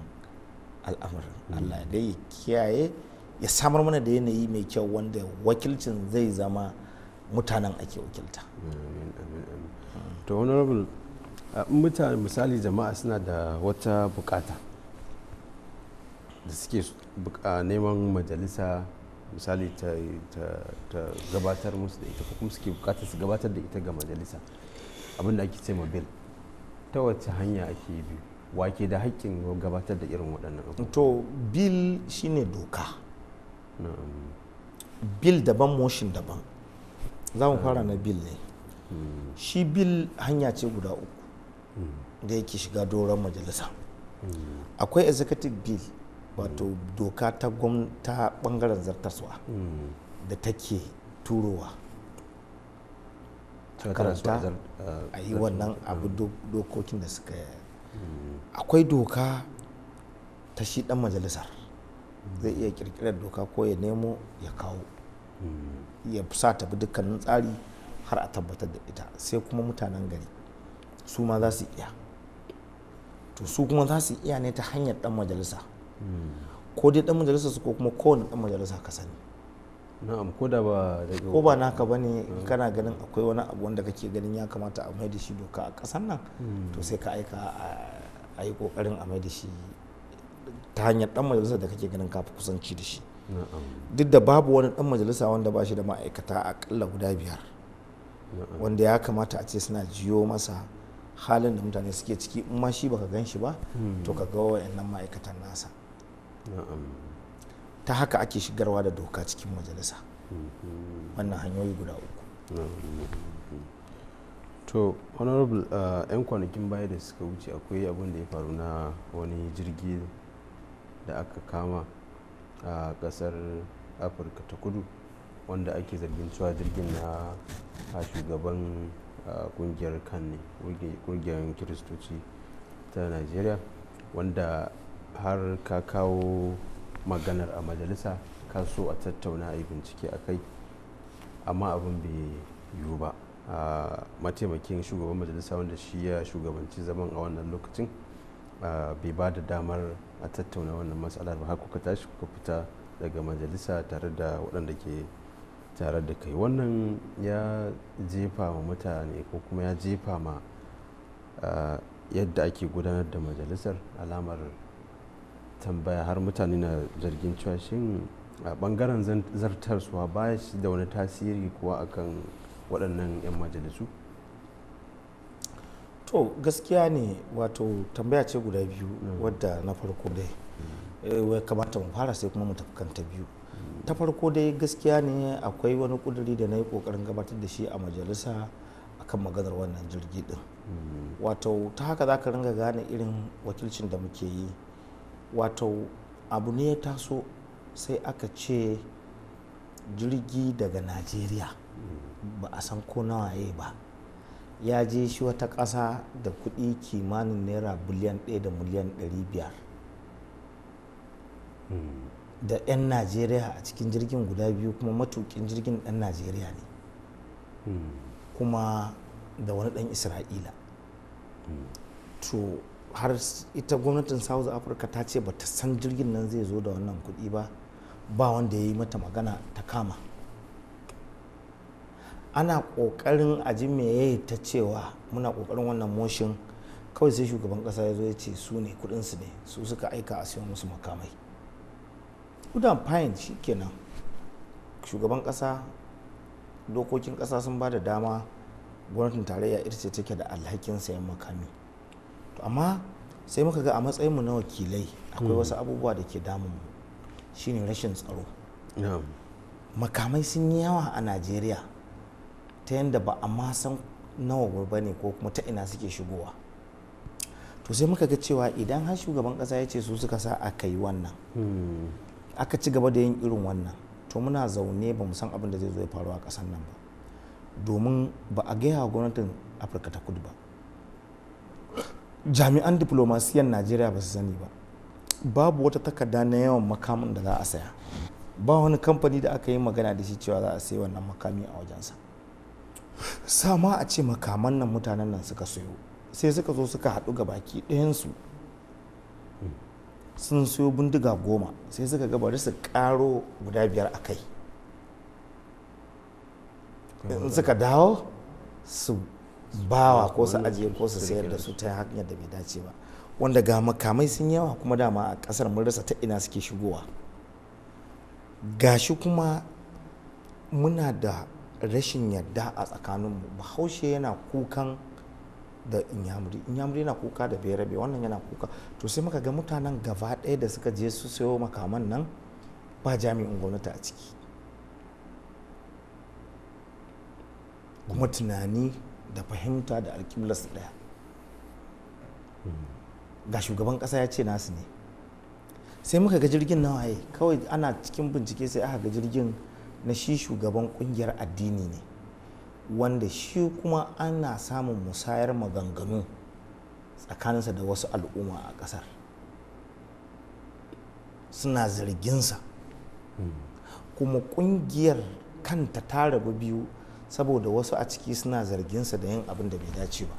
al'amarin hmm. Allah dai ya kiyaye ya samar mana da yanayi mai kyau wanda wakilcin zai zama mutanen ake wakilta to honorable mutane misali jama'a suna da wata bukata da suke neman majalisa misali ta, gabatar musu da ita ko kuma suke bukatar su gabatar da ita ga majalisa abinda ake ce ma bil ta wace hanya ake bi wake da haƙƙin gabatar da irin waɗannan to bil shine doka bil daban motion daban za mu fara na bil ne hmm. shi bil hanya ce guda uku hmm. da yake shiga doron majalisa hmm. akwai executive bill wato doka ta gwamta bangaren zartaswa mm. da take turowa karanta uh, a yi wannan abu mm. dokokin da suka mm. akwai doka ta shi dan majalisar zai iya kirkirar doka ko ya nemo ya kawo ya sa ta bi dukkanin tsari har a tabbatar da ita sai kuma mutanen gari su ma za su iya to su kuma za su iya ne ta hanyar dan majalisa ko dai dan majalisa su ko kuma kowane dan majalisa ka sani na'am ko da ba da ko ba naka bane kana ganin akwai wani abu wanda kake ganin ya kamata a mai da shi doka a kasan nan to hmm. sai ka aika a yi kokarin a mai da shi ta hanyar dan majalisa da kake ganin kafi kusanci da shi duk da babu wani dan majalisa wanda ba shi da ma'aikata akalla guda biyar wanda ya kamata a ce suna jiyo masa halin da mutane suke ciki in ma shi baka gan shi ba hmm. to ka ga wayannan ma'aikatan nasa ta haka ake shigarwa da doka cikin majalisa wannan hanyoyi guda uku to honorable yan kwanakin baya da suka wuce akwai abin da ya faru na wani jirgi da aka kama a kasar afirka ta kudu wanda ake zargin cewa jirgin na shugaban kungiyar kan ne kungiyar kiristoci ta nigeria wanda har ka kawo maganar a majalisa ka so a tattauna a yi bincike a kai amma abin bai yiwu ba a mataimakin shugaban majalisa wanda shi ya shugabanci zaman a wannan lokacin bai ba da damar a tattauna wannan matsalar ba har kuka tashi kuka fita daga majalisa tare da waɗanda ke tare da kai wannan ya jefa ma mutane ko kuma ya jefa ma yadda ake gudanar da majalisar alamar tambaya har mutane na zargin cewa shin a bangaren zartarsuwa ba shi da wani tasiri kuwa akan waɗannan 'yan majalisu to gaskiya ne wato tambaya ce guda biyu mm. wadda na farko dai mm. eh, kamata mu fara sai kuma mu tafi ta biyu ta farko dai gaskiya ne akwai wani kuduri da na yi kokarin gabatar da shi a majalisa akan maganar wannan jirgi din mm. wato ta haka za ka ringa gane irin wakilcin da muke yi wato abu ne ya taso sai aka ce jirgi daga najeriya ba a san ko nawaye ba ya je shi wata ƙasa da kuɗi kimanin naira biliyan 1 da miliyan 500 hmm. da 'yan najeriya a cikin jirgin guda biyu kuma matukin jirgin yan najeriya ne hmm. kuma da wani ɗan isra'ila hmm. to har ita gwamnatin south africa ta ce bata san jirgin nan zai zo da wannan kuɗi ba ba wanda ya yi mata magana ta kama ana ƙoƙarin aji meye ta cewa muna ƙoƙarin wannan moshin kawai sai shugaban ƙasa ya zo ya ce su ne kuɗinsu ne su suka aika a siyan musu makamai udan fayin shi kenan shugaban ƙasa dokokin ƙasa sun ba da dama gwamnatin tarayya ita ce take da alhakin sayan makami amma sai muka ga a matsayinmu na wakilai akwai hmm. wasu abubuwa da ke damun shine rashin tsaro makamai sun yi yawa a najeriya ta yadda ba a ma san nawa gurba ne ko kuma ta ina suke shigowa to sai muka ga cewa idan har shugaban kasa ya ce su suka sa aka yi wannan hmm. aka ci gaba da yin irin wannan to muna zaune ba mu san abin da zai zo ya faru a kasan nan ba domin ba a gaya gwamnatin afirka ta kudu ba jami'an diplomasiyan najeriya ba su sani ba babu wata takarda na yawan makamin da za a saya ba wani kamfani da aka yi magana da shi cewa za a sayi wannan makami a wajensa sama a ce makaman nan mutanen nan suka sayo sai suka zo suka haɗu ga baki ɗayansu sun sayo bindiga goma sai suka ga bari su karo guda biyar a kai suka dawo su bawa ko su ajiye ko su sayar da su ta hanyar da bai dace ba wanda ga makamai sun yawa kuma dama a kasar mun rasa ta ina suke shigowa gashi kuma muna da rashin yadda a tsakaninmu bahaushe yana kukan da inyamuri inyamuri yana kuka da berabe wannan yana kuka to sai muka ga mutanen gaba ɗaya da suka je su sayo makaman nan ba jami'in gwamnati a ciki kuma tunani da fahimta da alƙiblar daya ɗaya ga shugaban kasa ya ce nasu ne sai muka ga jirgin na waye kawai ana cikin bincike sai aka ga jirgin na shi shugaban kungiyar addini ne wanda shi kuma ana samun musayar maganganu tsakaninsa da wasu al'umma a kasar. suna zarginsa hmm. kuma kungiyar kanta ta rabu biyu saboda wasu a ciki suna zarginsa da yin abin da bai dace ba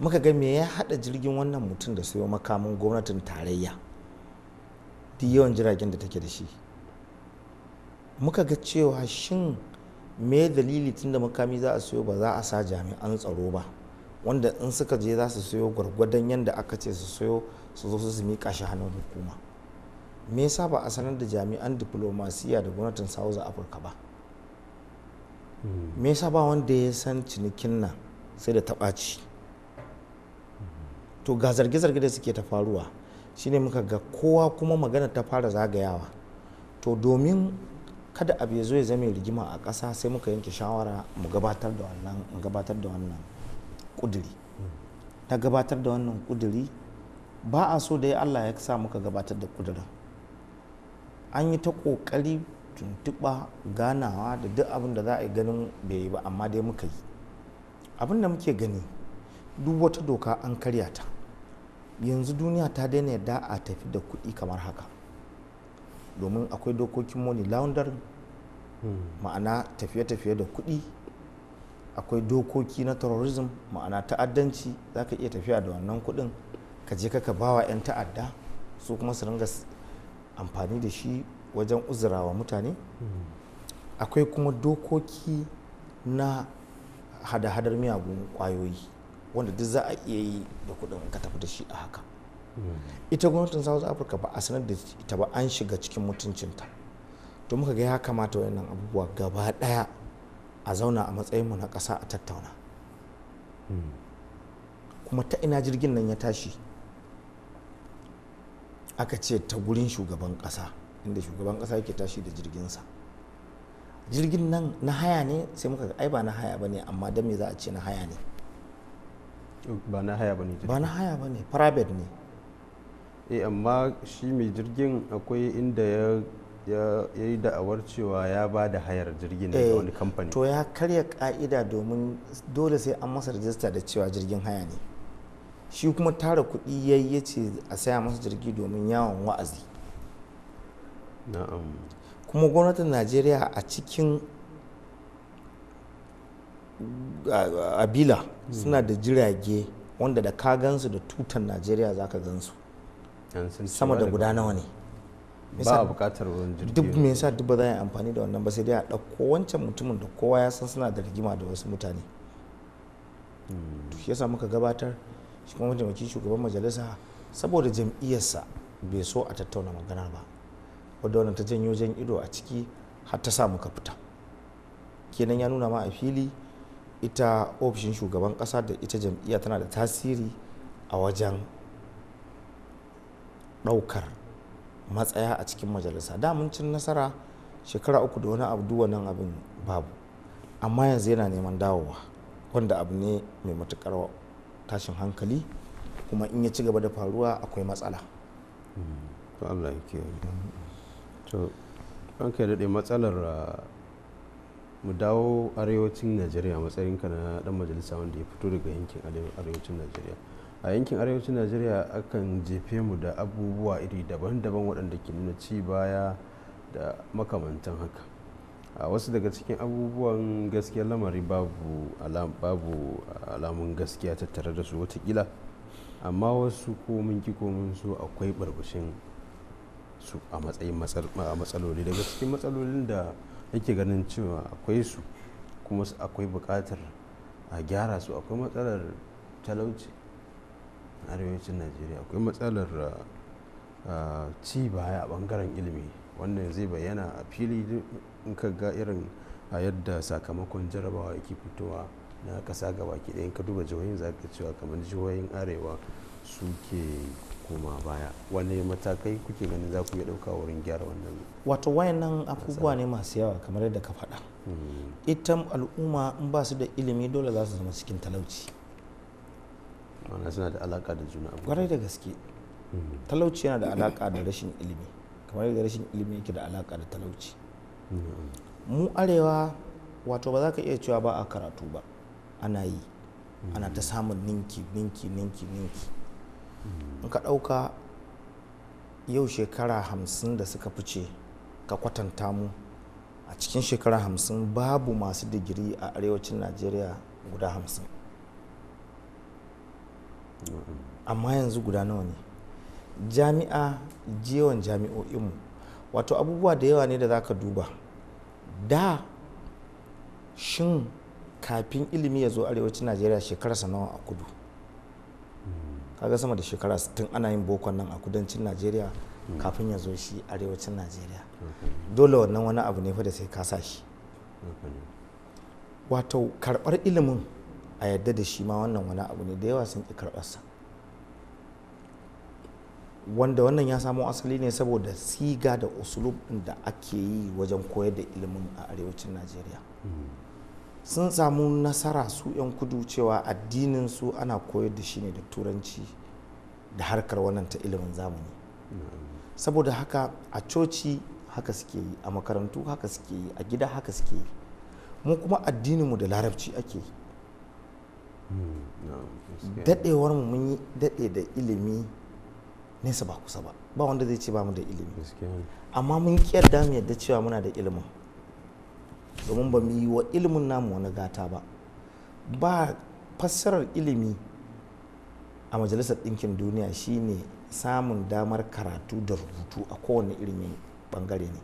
muka ga me ya hada jirgin wannan mutum da sayo makamin gwamnatin tarayya duk yawan jiragen da take da shi muka ga cewa shin me dalili tunda makami za a sayo ba za a sa jami'an tsaro ba wanda in suka je za su sayo gwargwadon yadda aka ce su sayo su zo su mika shi hannun hukuma me yasa ba a sanar da jami'an diplomasiya da gwamnatin south africa ba me yasa ba wanda ya san cinikin nan sai da taɓaci to ga zarge-zarge da suke ta faruwa shine muka ga kowa kuma magana ta fara zagayawa to domin kada abu ya zo ya zame rigima a ƙasa sai muka yanke shawara mu gabatar da wannan gabatar da wannan kuduri na gabatar da wannan kuduri ba a so da ya Allah ya sa muka gabatar da kudurin an yi ta ƙoƙari tuntuɓa ganawa da duk abin da za a yi ganin bai yi ba amma dai muka yi abin da muke gani duk wata doka an karya ta yanzu duniya ta daina yadda a tafi da kuɗi kamar haka domin akwai dokokin money laundering ma'ana tafiye-tafiye da kuɗi akwai dokoki na terrorism ma'ana ta'addanci za ka iya tafiya da wannan kuɗin ka je kaka bawa 'yan ta'adda su kuma su ringa amfani da shi wajen uzurawa mutane akwai kuma dokoki na hada-hadar miyagun kwayoyi wanda duk za a iya yi da kudin ka tafi da shi a haka ita gwamnatin south africa ba a sanar da ita ba an shiga cikin mutuncinta to muka ga ya kamata wayannan abubuwa gaba daya a zauna a matsayinmu na ƙasa a tattauna kuma ta ina jirgin nan ya tashi aka ce ta gurin shugaban ƙasa inda shugaban kasa yake tashi da jirginsa jirgin nan na haya ne sai muka ga ai ba na haya bane amma dan me za a ce na haya ne oh, ba na haya bane ba na haya bane private ne eh amma shi mai jirgin akwai inda ya ya yi da'awar cewa ya ba da hayar jirgin ga eh, wani kamfani to ya karya ka'ida domin dole sai an masa rajista da cewa jirgin haya ne shi kuma tara kuɗi yayi yace ce a saya masa jirgi domin yawon wa'azi kuma gwamnatin najeriya a cikin abila hmm. suna da jirage wanda da ka gansu da tutan najeriya za ka gansu sama da guda nawa ne ba a bukatar wurin duk me yasa duk ba za a yi amfani da wannan ba sai dai a ɗauko wancan mutumin da kowa ya san suna da rigima da wasu mutane hmm. shi yasa muka gabatar shi kuma mataimakin shugaban majalisa saboda jam'iyyarsa bai so a tattauna magana ba wadda ta janyo jan ido a ciki har ta sa muka fita kenan ya nuna ma a fili ita ofishin shugaban kasa da ita jam'iyya tana da tasiri a wajen ɗaukar matsaya a cikin majalisa damun cin nasara shekara uku da wani abu wannan abin babu amma yanzu yana neman dawowa wanda abu ne mai matukar tashin hankali kuma in ya ci gaba da faruwa akwai matsala hmm. to an kai daɗe matsalar ah, mu dawo arewacin najeriya matsayinka na dan majalisa wanda ya fito daga yankin arewacin najeriya a yankin arewacin najeriya akan jefe mu da abubuwa iri daban-daban waɗanda ke nuna ci baya da makamantan haka a wasu daga cikin abubuwan gaskiya lamari babu alamun gaskiya tattare da su watakila amma wasu komin ki komin su akwai barbashin su a matsayin matsaloli daga cikin matsalolin da yake ganin cewa akwai su kuma akwai bukatar a gyara su akwai matsalar talauci a arewacin najeriya akwai matsalar ci baya a bangaren ilimi wannan zai bayyana a fili in ka ga irin a yadda sakamakon jarabawa yake fitowa na ƙasa gaba ɗaya in ka duba jihohin za ka cewa kamar jihohin arewa suke koma baya wani matakai kuke ganin za ku iya ɗauka wurin gyara wannan wato wayannan abubuwa ne masu yawa kamar yadda ka faɗa hmm. ita al'umma in ba su da ilimi dole za su zama cikin talauci wana suna da alaƙa da juna kwarai da gaske hmm. talauci yana da alaƙa da rashin ilimi kamar yadda rashin ilimi yake da alaƙa da talauci mu arewa wato ba za ka iya cewa ba a karatu ba ana yi ana ta hmm. samun ninki ninki ninki ninki in ka ɗauka yau shekara hamsin da suka fice ka kwatanta mu a cikin shekara hamsin babu masu digiri a arewacin najeriya guda hamsin amma yanzu guda nawa ne jami'a jewan jami'o'inmu wato abubuwa da yawa ne da za ka duba da shin kafin ilimi ya zo arewacin najeriya shekararsa nawa a kudu kaga sama da shekara 60 ana yin bokon nan a kudancin najeriya kafin ya zo shi arewacin najeriya dole wannan wani abu ne fa da sai ka sa shi wato karɓar ilimin a yadda da shi ma wannan wani abu ne da yawa sun ƙi karɓarsa wanda wannan ya samo asali ne saboda siga da usulub da ake yi wajen koyar da ilimin a arewacin najeriya sun samu nasara su 'yan kudu cewa addininsu ana koyar da shi ne da turanci da harkar wannan ta ilimin zamani saboda haka a coci haka suke yi a makarantu haka suke yi a gida haka suke yi mu kuma addininmu da larabci ake yi daɗewar mu mun yi daɗe da ilimi nesa ba kusa ba ba wanda zai ce ba mu da ilimi amma mun ƙi da mu yadda cewa muna da ilimin domin ba mu yi wa ilimin namu wani gata ba ba fassarar ilimi a majalisar ɗinkin duniya shine samun damar karatu da rubutu a kowane irin bangare ne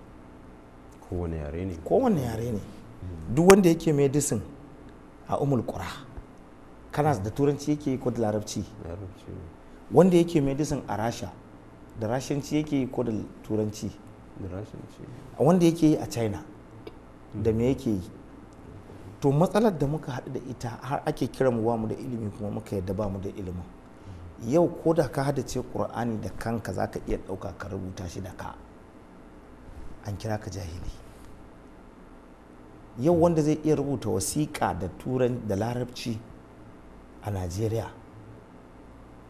kowane yare ne kowane yare ne duk wanda yake medicine a umul kura kana da turanci yake ko da larabci wanda yake medicine a rasha da rashanci yake ko da turanci wanda yake a china da me yake yi to matsalar da muka haɗu da ita har ake kiran mu mu da ilimi kuma muka yadda ba mu da ilimin yau ko da ka ce ƙur'ani da kanka za ka iya ɗauka ka rubuta shi da ka an kira ka jahili yau wanda zai iya rubuta wasiƙa da turan da larabci a najeriya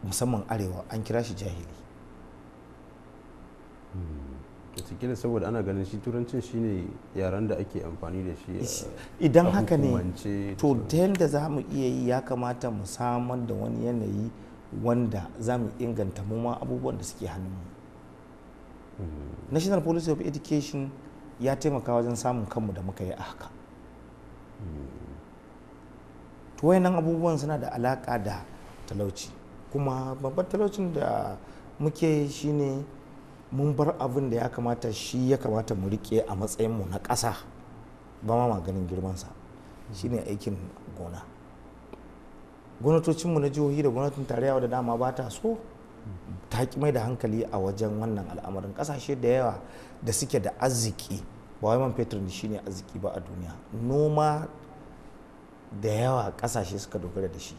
musamman arewa an kira shi jahili hmm. watakila saboda ana ganin shi turancin shine yaren da ake amfani da shi idan haka ne to da yadda za mu iya yi ya kamata mu samar da wani yanayi wanda za mu inganta mu ma abubuwan da suke hannu mm-hmm. national policy of education ya taimaka wajen samun kanmu da muka yi a haka mm-hmm. to wayannan abubuwan suna da alaka da talauci kuma babban talaucin da muke shine ne mun bar abin da ya kamata shi ya kamata mu rike a matsayin mu na ƙasa ba ma maganin girmansa shine aikin gona gwamnatocinmu na jihohi da gwamnatin tarayya da dama ba ta so ta ki mai da hankali a wajen wannan al'amarin ƙasashe da yawa da suke da arziki ba wai man fetur da shine arziki ba a duniya noma da yawa ƙasashe suka dogara da shi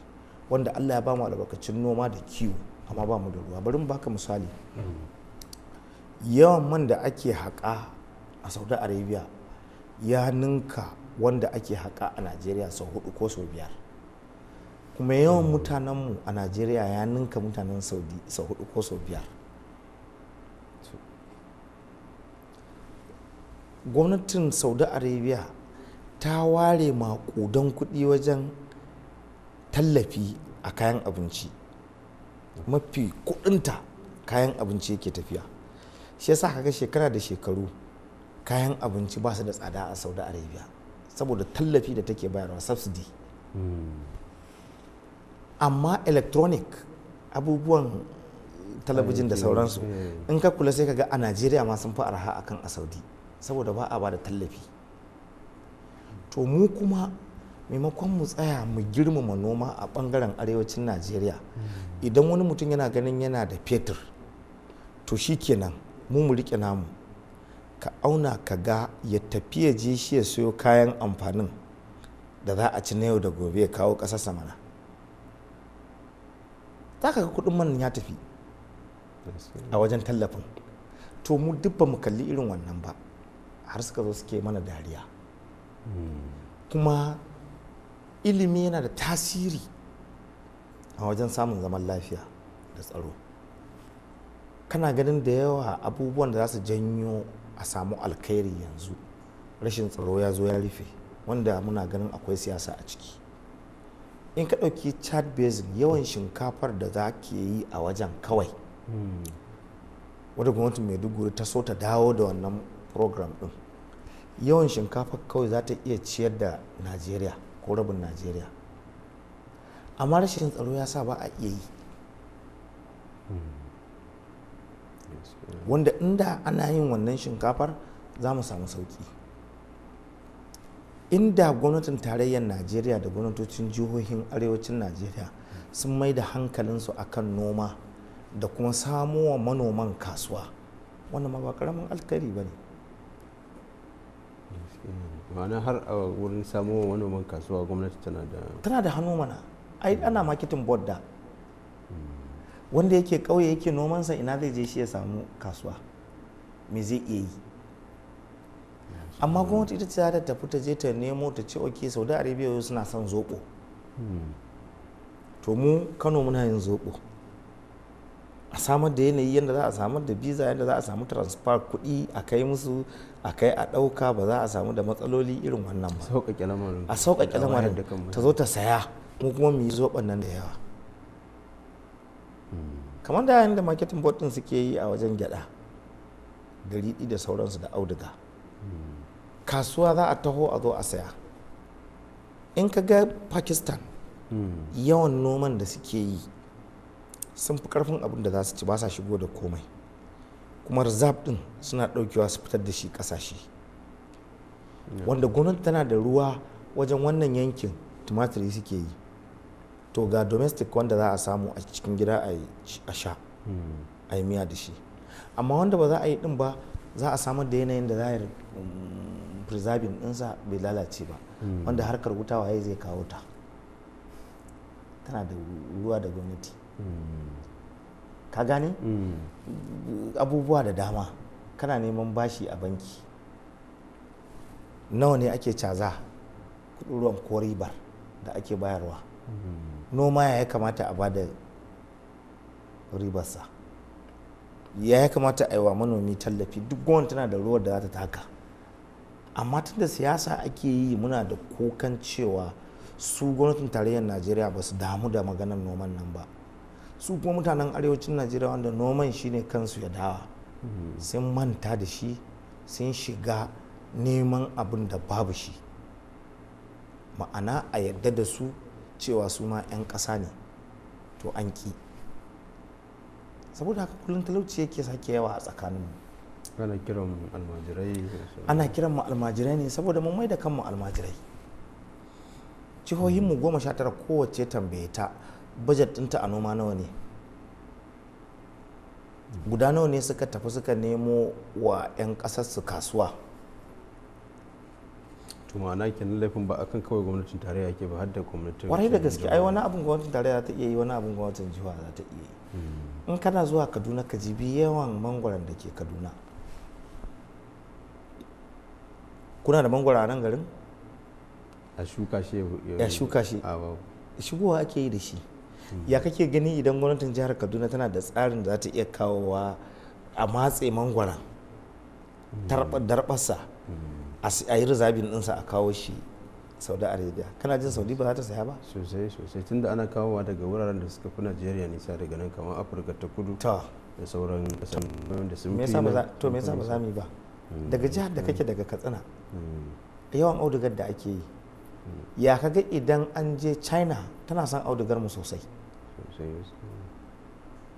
wanda allah ya ba mu albarkacin noma da kiwo amma ba mu da ruwa bari mu baka misali yawan man da ake haƙa a saudi arabia ya ninka wanda ake haƙa a najeriya sau hudu ko sau biyar kuma yawan hmm. mutanenmu a najeriya ya ninka mutanen saudi sau hudu ko sau biyar gwamnatin saudi arabia ta ware maƙudan kudi wajen tallafi a kayan abinci mafi kudinta kayan abinci yake tafiya shi yasa kaga shekara da shekaru kayan abinci ba su da tsada a saudi arabia saboda tallafi da take bayarwa subsidy hmm. amma electronic abubuwan talabijin da sauransu hmm. in ka kula sai kaga a najeriya ma sun fi arha akan a saudi saboda ba a ba da tallafi to mu kuma maimakon mu tsaya mu girmama noma a bangaren arewacin najeriya hmm. idan wani mutum yana ganin yana da fetur to shi kenan mu mu riƙe namu ka auna ka ga ya tafi ya je shi ya siyo kayan amfanin da za a ci na yau da gobe ya kawo ƙasar samana za ka ga kuɗin man ya tafi a wajen tallafin to mu duk ba mu kalli irin wannan ba har suka zo suke mana dariya kuma ilimi yana da tasiri a wajen samun zaman lafiya da tsaro kana ganin da yawa abubuwan da za su janyo a samu alkhairi yanzu rashin tsaro ya zo ya rufe wanda muna ganin akwai siyasa a ciki in ka ɗauki chad basin yawan shinkafar da za ke yi a wajen kawai hmm. wadda gwamnatin maiduguri ta so ta dawo da wannan program ɗin yawan shinkafar kawai za ta iya ciyar da najeriya ko rabin najeriya amma rashin tsaro ya sa ba a iya yi hmm. wanda inda ana yin wannan shinkafar za mu samu sauki inda gwamnatin tarayyar najeriya da gwamnatocin jihohin arewacin najeriya sun mai da hankalinsu a kan noma da kuma samuwa manoman kasuwa wannan ma ba karamin alkari ba ne ma'ana har a wurin samo manoman kasuwa gwamnati tana da tana da hannu mana ai ana marketing board da wanda yake kauye yake nomansa ina zai je shi ya samu kasuwa me zai iya yi amma gwamnati ita ce ta tafi ta je ta nemo ta ce ok saudi arabia suna son zoɓo to mu kano muna yin zoɓo a samar da yanayi yadda za a samar da biza yadda za a samu transfer kuɗi a kai musu a kai a ɗauka ba za a samu da matsaloli irin wannan ba a sauƙaƙe lamarin ta zo ta saya mu kuma mu yi zoɓon nan da yawa kamar da yayin da marketing board din suke yi a wajen gyada da riɗi da sauransu da auduga kasuwa za a taho a zo a saya in ka ga pakistan yawan noman da suke yi sun fi karfin abin da za su ci ba sa shigo da komai kuma rizab din suna ɗaukewa su fitar da shi ƙasashe wanda gwamnati tana da ruwa wajen wannan yankin tumatiri suke yi to ga domestic wanda za a samu a cikin gida a sha a yi miya da shi amma wanda ba za a yi din ba za a samar da yanayin da za a yi mm, preserving ɗinsa bai lalace ba hmm. wanda harkar wuta waye zai kawo ta tana da ruwa da gwamnati hmm. ka gane hmm. abubuwa da dama kana neman bashi a banki nawa ne ake caza kuɗin ruwan ko ribar da ake bayarwa noma ya kamata a bada ribarsa ya kamata a yi wa manomi tallafi duk gwamnati tana da ruwan da za ta taka amma tun da siyasa ake yi muna da kokan cewa su gwamnatin tarayyar najeriya ba su damu da maganar noman nan ba su kuma mutanen arewacin najeriya wanda noman shine kansu ya dawa hmm. sun manta da shi sun shiga neman abin da babu shi ma'ana a yadda da su cewa su ma 'yan kasa ne to an ki saboda haka kullum talauci yake sake yawa a tsakaninmu ana kiran mu almajirai ana kiran mu almajirai ne saboda mun maida kanmu almajirai cihohinmu goma sha tara kowace tambaye ta bajet ɗinta a noma nawa ne guda nawa ne suka tafi suka nemo wa 'yan ƙasar su kasuwa to ma'ana kenan laifin ba akan kawai gwamnatin tarayya ke ba har da gwamnatin warai da gaske ai wani abin gwamnatin tarayya ta iya yi wani abin gwamnatin jiha za ta iya yi hmm. in kana zuwa kaduna ka jibi yawan mangwaran da ke kaduna kuna da mangwara a nan garin a shuka shi ya shuka shi shigowa ake yi da shi hmm. ya kake gani idan gwamnatin jihar kaduna tana da tsarin da za ta iya kawowa a matse mangwaron hmm. Darbasa. a yi rizabin ɗinsa a kawo shi saudi arabia kana jin saudi ba za ta saya ba sosai sosai tunda ana kawowa daga wuraren da suka fi najeriya nisa daga nan kamar afirka ta kudu da sauran kasan da sun fi to me yasa ba za mu yi ba mm. daga jihar da mm. kake daga katsina mm. yawan audugar da ake yi ya kaga idan an je china tana son audugar mu sosai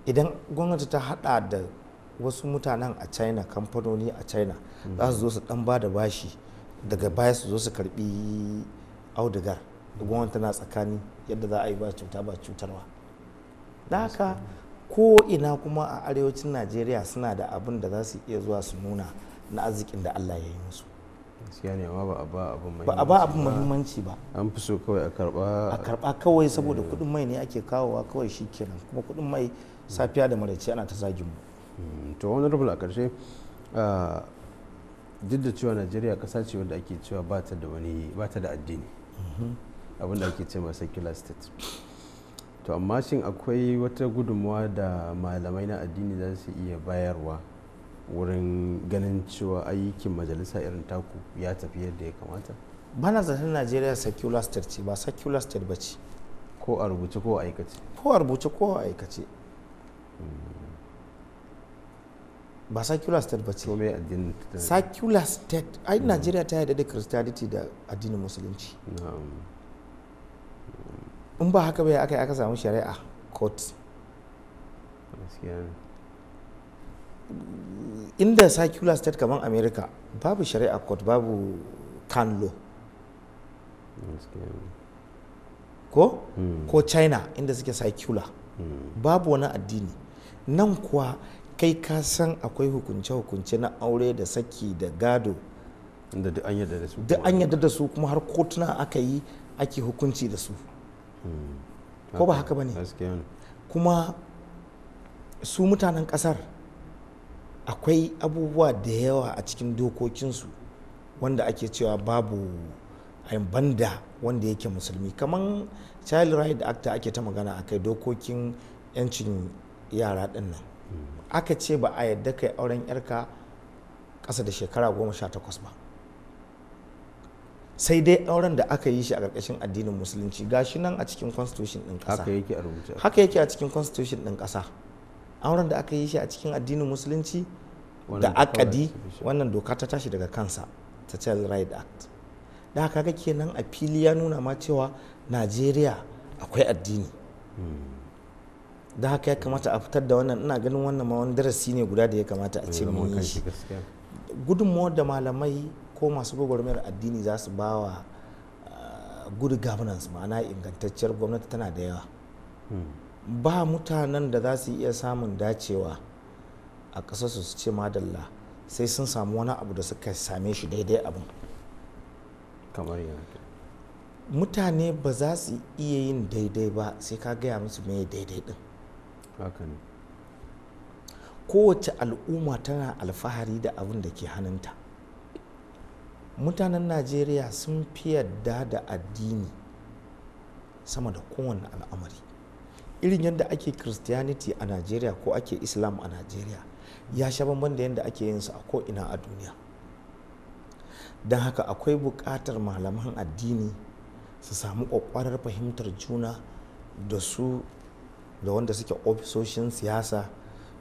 idan gwamnati ta hada da wasu mutanen a china kamfanoni a china mm-hmm. za su zo su dan ba da bashi daga baya su zo su karbi audigar mm-hmm. gwamnati tana tsakani yadda za a yi ba cuta ba cutarwa da haka ko ina kuma a arewacin najeriya suna da abin da za su iya zuwa su nuna na arzikin da allah ya yi musu ba a ba abin muhimmanci ba an fi so kawai a karba a karba kawai saboda eh. kudin mai ne ake kawowa kawai shi kenan kuma kudin mai safiya da maraice ana ta zagin mu Hmm, to honorable a karshe duk da cewa najeriya kasa ce wanda ake cewa bata da addini mm-hmm. abinda ake cewa secular state to amma shin akwai wata gudunmawa da malamai na addini za su iya bayarwa wurin ganin cewa ayyukin majalisa irin taku ya tafi yadda ya kamata bana zaton najeriya secular state ce ba secular state ba ce ko a rubuce ko a aikace ko a rubuce ko a aikace hmm. ba secular state ba ce secular state ai mm. najeriya ta yi da christianity da addinin musulunci in ba haka bai aka aka samu shari'a court inda secular state kamar america babu shari'a court babu kanlo ko mm. ko china inda suke secular mm. babu wani addini nan kuwa kai ka san akwai hukunce-hukunce na aure da saki da gado da duk an yadda da su kuma har kotuna aka yi ake hukunci da su hmm. ko ba haka ba ne kuma su mutanen kasar akwai abubuwa da yawa a cikin dokokinsu wanda ake cewa babu banda wanda yake musulmi kamar child right act ake ta magana akai dokokin 'yancin yara dinnan aka ce ba a yadda kai auren yarka ƙasa da shekara goma sha takwas ba sai dai auren da aka yi shi a ƙarƙashin addinin musulunci ga shi nan a cikin constitution ɗin ƙasa haka yake a cikin constitution ɗin ƙasa auren da aka yi shi a cikin addinin musulunci da akadi wannan doka ta tashi daga kansa ta child right act da haka nan a fili ya nuna ma cewa najeriya akwai addini hmm. don haka ya kamata a fitar da wannan ina ganin wannan ma wani darasi ne guda da ya kamata a ce mun yi shi gudunmawar da malamai ko masu gwagwarmayar addini za su ba wa ah, good governance ma'ana ingantacciyar gwamnati tana da yawa hmm. ba mutanen da za su iya samun dacewa a ƙasarsu su ce madalla sai sun samu wani abu da suka same shi daidai abin kamar mutane ba za su iya yin daidai ba sai ka gaya musu mai daidai din kowace al'umma tana alfahari da abin da ke hannunta mutanen najeriya sun fi yadda da addini sama da kowane al'amari irin yadda ake christianity a najeriya ko ake islam a najeriya ya sha bambam da yadda ake yinsa a ko'ina a duniya don haka akwai buƙatar malaman addini su samu ƙwaƙwarar fahimtar juna da su da wanda suke ofisoshin siyasa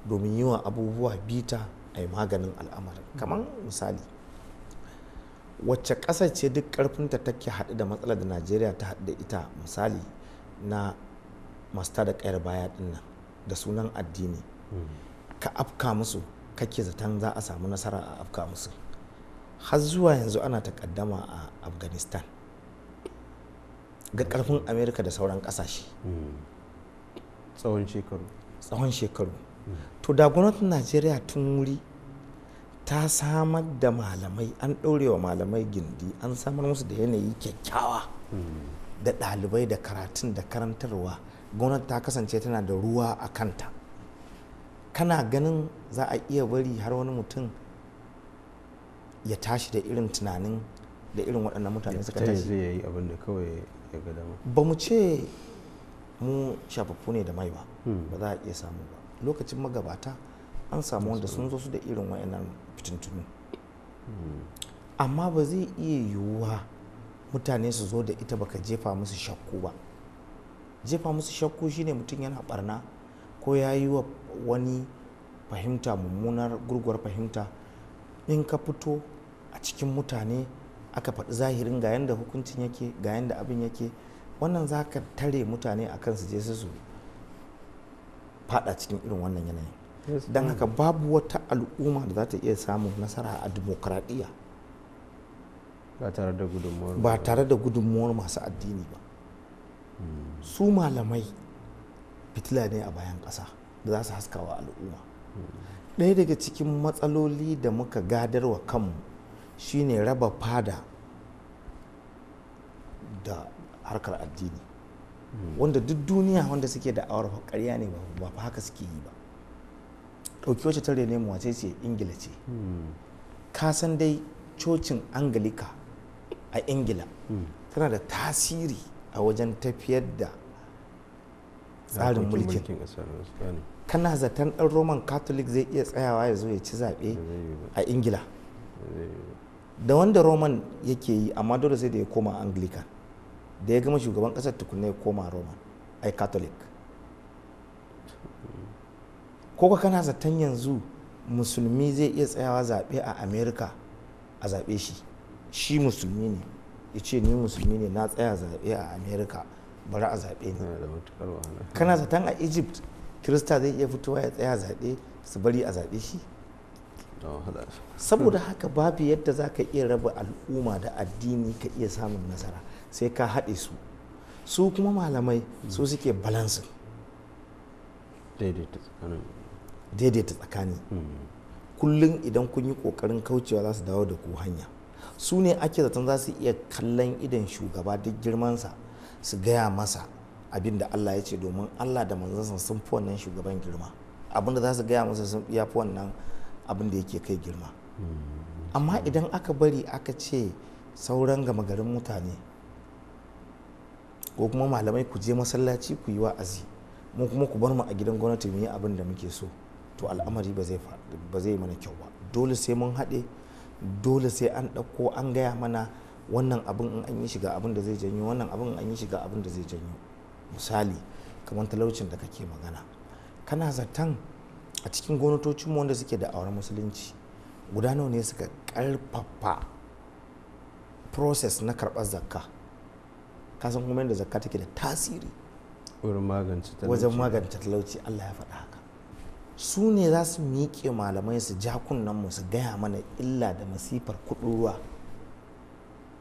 domin yi wa abubuwa bita a yi maganin al'amarin kamar misali wacce ƙasa ce duk ƙarfinta take haɗu da matsalar da najeriya ta haɗu da ita misali na masta da ƙayar baya dinnan da sunan addini ka afka musu kake zaton za a samu nasara a afka musu har zuwa yanzu ana takaddama a afghanistan ga ƙarfin amerika da sauran ƙasashe mm. tsawon shekaru tsawon shekaru hmm. to da gwamnatin najeriya tun wuri ta samar da malamai an ɗaurewa malamai gindi an samar musu da yanayi kyakkyawa hmm. da ɗalibai da karatun da karantarwa gwamnati ta kasance tana da ruwa a kanta kana ganin za a iya bari har wani mutum ya tashi da irin tunanin da irin waɗannan mutane suka tashi ba mu ce mu shafaffu ne da maiwa hmm. ba za a iya samu ba lokacin magabata an samu wanda sun zo su da irin wayannan fitintunu hmm. amma ba zai iya yiwuwa mutane su zo da ita baka jefa musu shakku ba jefa musu shakku shine mutum yana barna ko ya yi wa wani fahimta mummunar gurguwar fahimta in ka fito a cikin mutane aka faɗi zahirin ga yanda hukuncin yake ga yanda abin yake wannan za ka tare mutane a kan su je su fada cikin irin wannan yanayin don haka babu wata al'umma da za ta iya samun nasara a demokradiyya ba tare da gudunmuwar masu addini ba hmm. su malamai fitila ne a bayan ƙasa da za su haskawa al'umma hmm. ɗaya daga cikin matsaloli da muka gadarwa kanmu shine raba fada da harkar addini hmm. wanda duk duniya wanda suke da awar karya ne ba fa haka suke yi ba ɗauki wacce ta rene wace ce ingila ce hmm. ka san dai cocin angalika a ingila hmm. tana da tasiri a wajen tafiyar da tsarin mulkin kana zaton ɗan roman catholic zai iya tsayawa ya zo ya ci zaɓe a ingila da wanda roman yake yi amma dole sai da ya koma anglican da ya gama shugaban kasar tukunna ya koma roman ai catholic ko ka kana zaton yanzu musulmi zai iya tsayawa zaɓe a america a zaɓe shi shi musulmi ne ya ce ni musulmi ne na tsaya zaɓe a america bari a zaɓe ne kana zaton a egypt kirista zai iya fitowa ya tsaya zaɓe su bari a zaɓe shi saboda haka babu yadda za ka iya raba al'umma da addini ka iya samun nasara sai ka haɗe su su kuma malamai su suke balansin daidaita tsakani kullum idan kun yi kokarin kaucewa za su dawo da ku hanya su ne ake zaton za su iya kallon idan shugaba duk girmansa su gaya masa abin da Allah ya ce domin Allah da manzansa sun fi wannan shugaban girma abin da za su gaya masa sun ya fi wannan abin da yake kai girma hmm. amma idan aka bari aka ce sauran gama garin mutane ko kuma malamai ku je masallaci ku yi wa'azi mu kuma ku bar mu a gidan gwamnati mu yi abin da muke so to al'amari ba zai mana kyau ba dole sai mun haɗe dole sai an ɗauko an gaya mana wannan abin in an yi shiga abin da zai janyo wannan abin in an yi shiga abin da zai janyo misali kamar talaucin da kake magana kana zaton a cikin gonatocinmu wanda suke da auren musulunci guda nawa ne suka karfafa process na karɓar zakka kasan san kuma yadda zakka take da tasiri wajen magance talauci Allah ya faɗa haka su ne za su miƙe malamai su ja mu su gaya mana illa da masifar kuɗin ruwa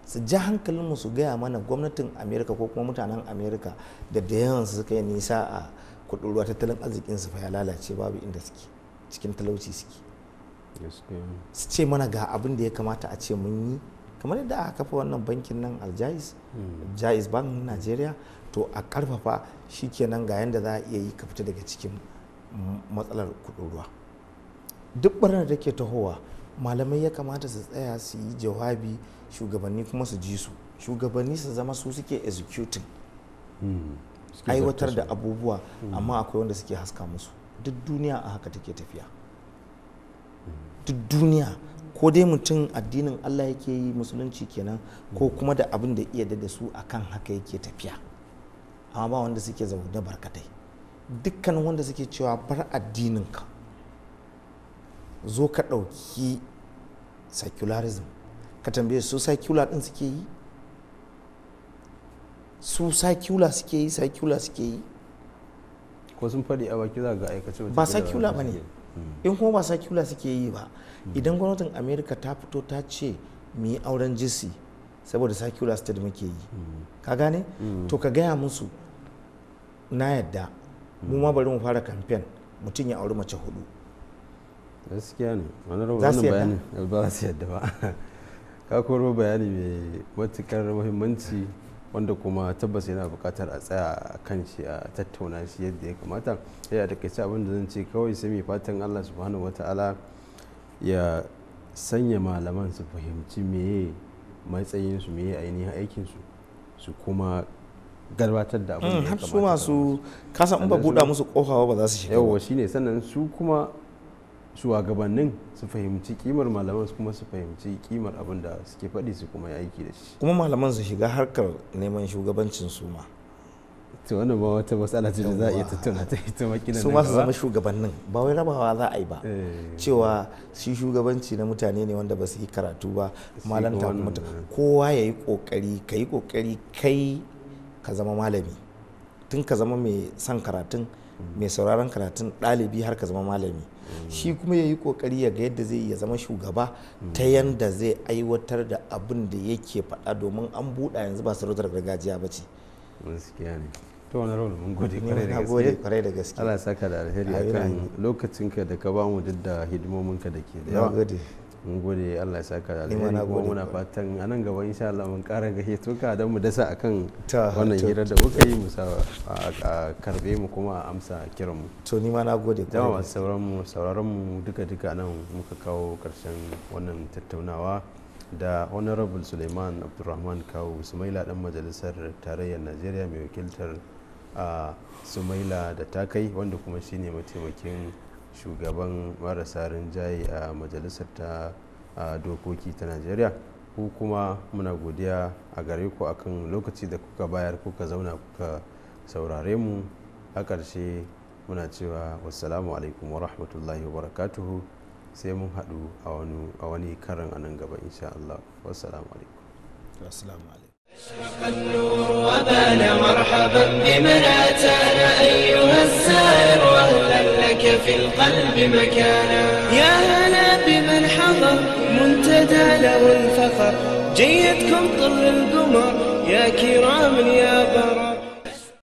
su ja hankalinmu su gaya mana gwamnatin amerika ko kuma mutanen amerika da da yawan su suka yi nisa a kuɗin ruwa tattalin arzikinsu fa ya lalace babu inda suke cikin talauci suke su ce mana ga abin da ya kamata a ce mun yi kamar yadda aka kafa wannan bankin nan aljais hmm. jais bank najeriya to a karfafa shi kenan ga yadda za a iya yi ka fita daga cikin matsalar kudin ruwa duk barnar da ke tahowa malamai ya kamata su tsaya su yi jawabi shugabanni kuma su ji su shugabanni su zama su suke executing hmm. aiwatar da abubuwa hmm. amma akwai wanda suke haska musu duk duniya a haka take tafiya duk duniya ko dai mutum addinin Allah yake yi musulunci kenan ko kuma da abin da iya da su akan haka yake tafiya amma ba wanda suke zaune barkatai dukkan wanda suke cewa bar addinin ka zo ka ɗauki secularism ka tambaye su secular ɗin suke yi su secular suke yi secular suke yi ko sun faɗi a baki za ga aikace ba secular ba ne hmm. in kuma ba secular suke yi ba idan gwamnatin amerika ta fito ta ce mu yi auren jinsi saboda circular state muke yi ka gane to ka gaya musu na yadda mu ma bari mu fara kamfen mutum ya auri mace hudu gaskiya ne wani bayani ba su yadda ba ka koro bayani mai matukar muhimmanci wanda kuma tabbas yana bukatar a tsaya a kan shi a tattauna shi yadda ya kamata ya da kai abin da zan ce kawai sai mai fatan allah subhanahu wata'ala ya sanya malaman su fahimci meye matsayinsu meye ainihin aikinsu su kuma garbatar da abin da hmm, su masu kasan in ba buɗa musu kofa ba za su shiga yawa shine sannan su kuma shugabannin su fahimci kimar malaman su kuma su fahimci kimar abin da suke faɗi su kuma ya aiki da shi kuma malaman su shiga harkar neman shugabancin su ma to wani ba wata matsala ce da za a iya tattauna ta ita makina su ma su zama shugabannin ba wai rabawa za a yi ba eh. cewa shi shugabanci na mutane ne wanda ba su yi karatu ba malanta mutum kowa ya yi kokari ka yi kokari kai ka zama malami tun ka zama mai son karatun mai sauraron karatun ɗalibi har ka zama malami mm. shi kuma ya yi kokari ya ga yadda zai ya zama shugaba mm. ta yadda zai aiwatar da abin da yake faɗa domin an buɗa yanzu ba sarautar gargajiya ba ce gaskiya ne to wani rauni mun gode kare da gaske Allah saka da alheri akan lokacinka da ka bamu duk da hidimominka da ke da yawa mun gode Allah ya saka da alheri kuma muna fatan a nan gaba insha Allah mun ƙara gahe toka don mu dasa akan wannan hira da kuka yi musa a karbe mu kuma a amsa kiran mu to ni ma na gode jama'a sauran mu sauraron mu duka duka nan muka kawo karshen wannan tattaunawa da honorable suleiman abdulrahman kawo sumaila dan majalisar tarayyar najeriya mai wakiltar a sumaila da kai wanda kuma shine mataimakin shugaban marasa rinjaye a majalisar ta dokoki ta najeriya ku kuma muna godiya a gare ku akan lokaci da kuka bayar kuka zauna kuka saurare mu a ƙarshe muna cewa wassalamu alaikum wa rahmatullahi wa barakatuhu sai mun haɗu a wani karan a nan gaba insha Allah wassalamu alaikum assalamu alaikum أشرق النور وبان مرحبا بمن أتانا أيها الزائر اهلا لك في القلب مكانا يا هلا بمن حضر منتدى له الفخر جيدكم طر القمر يا كرام يا بار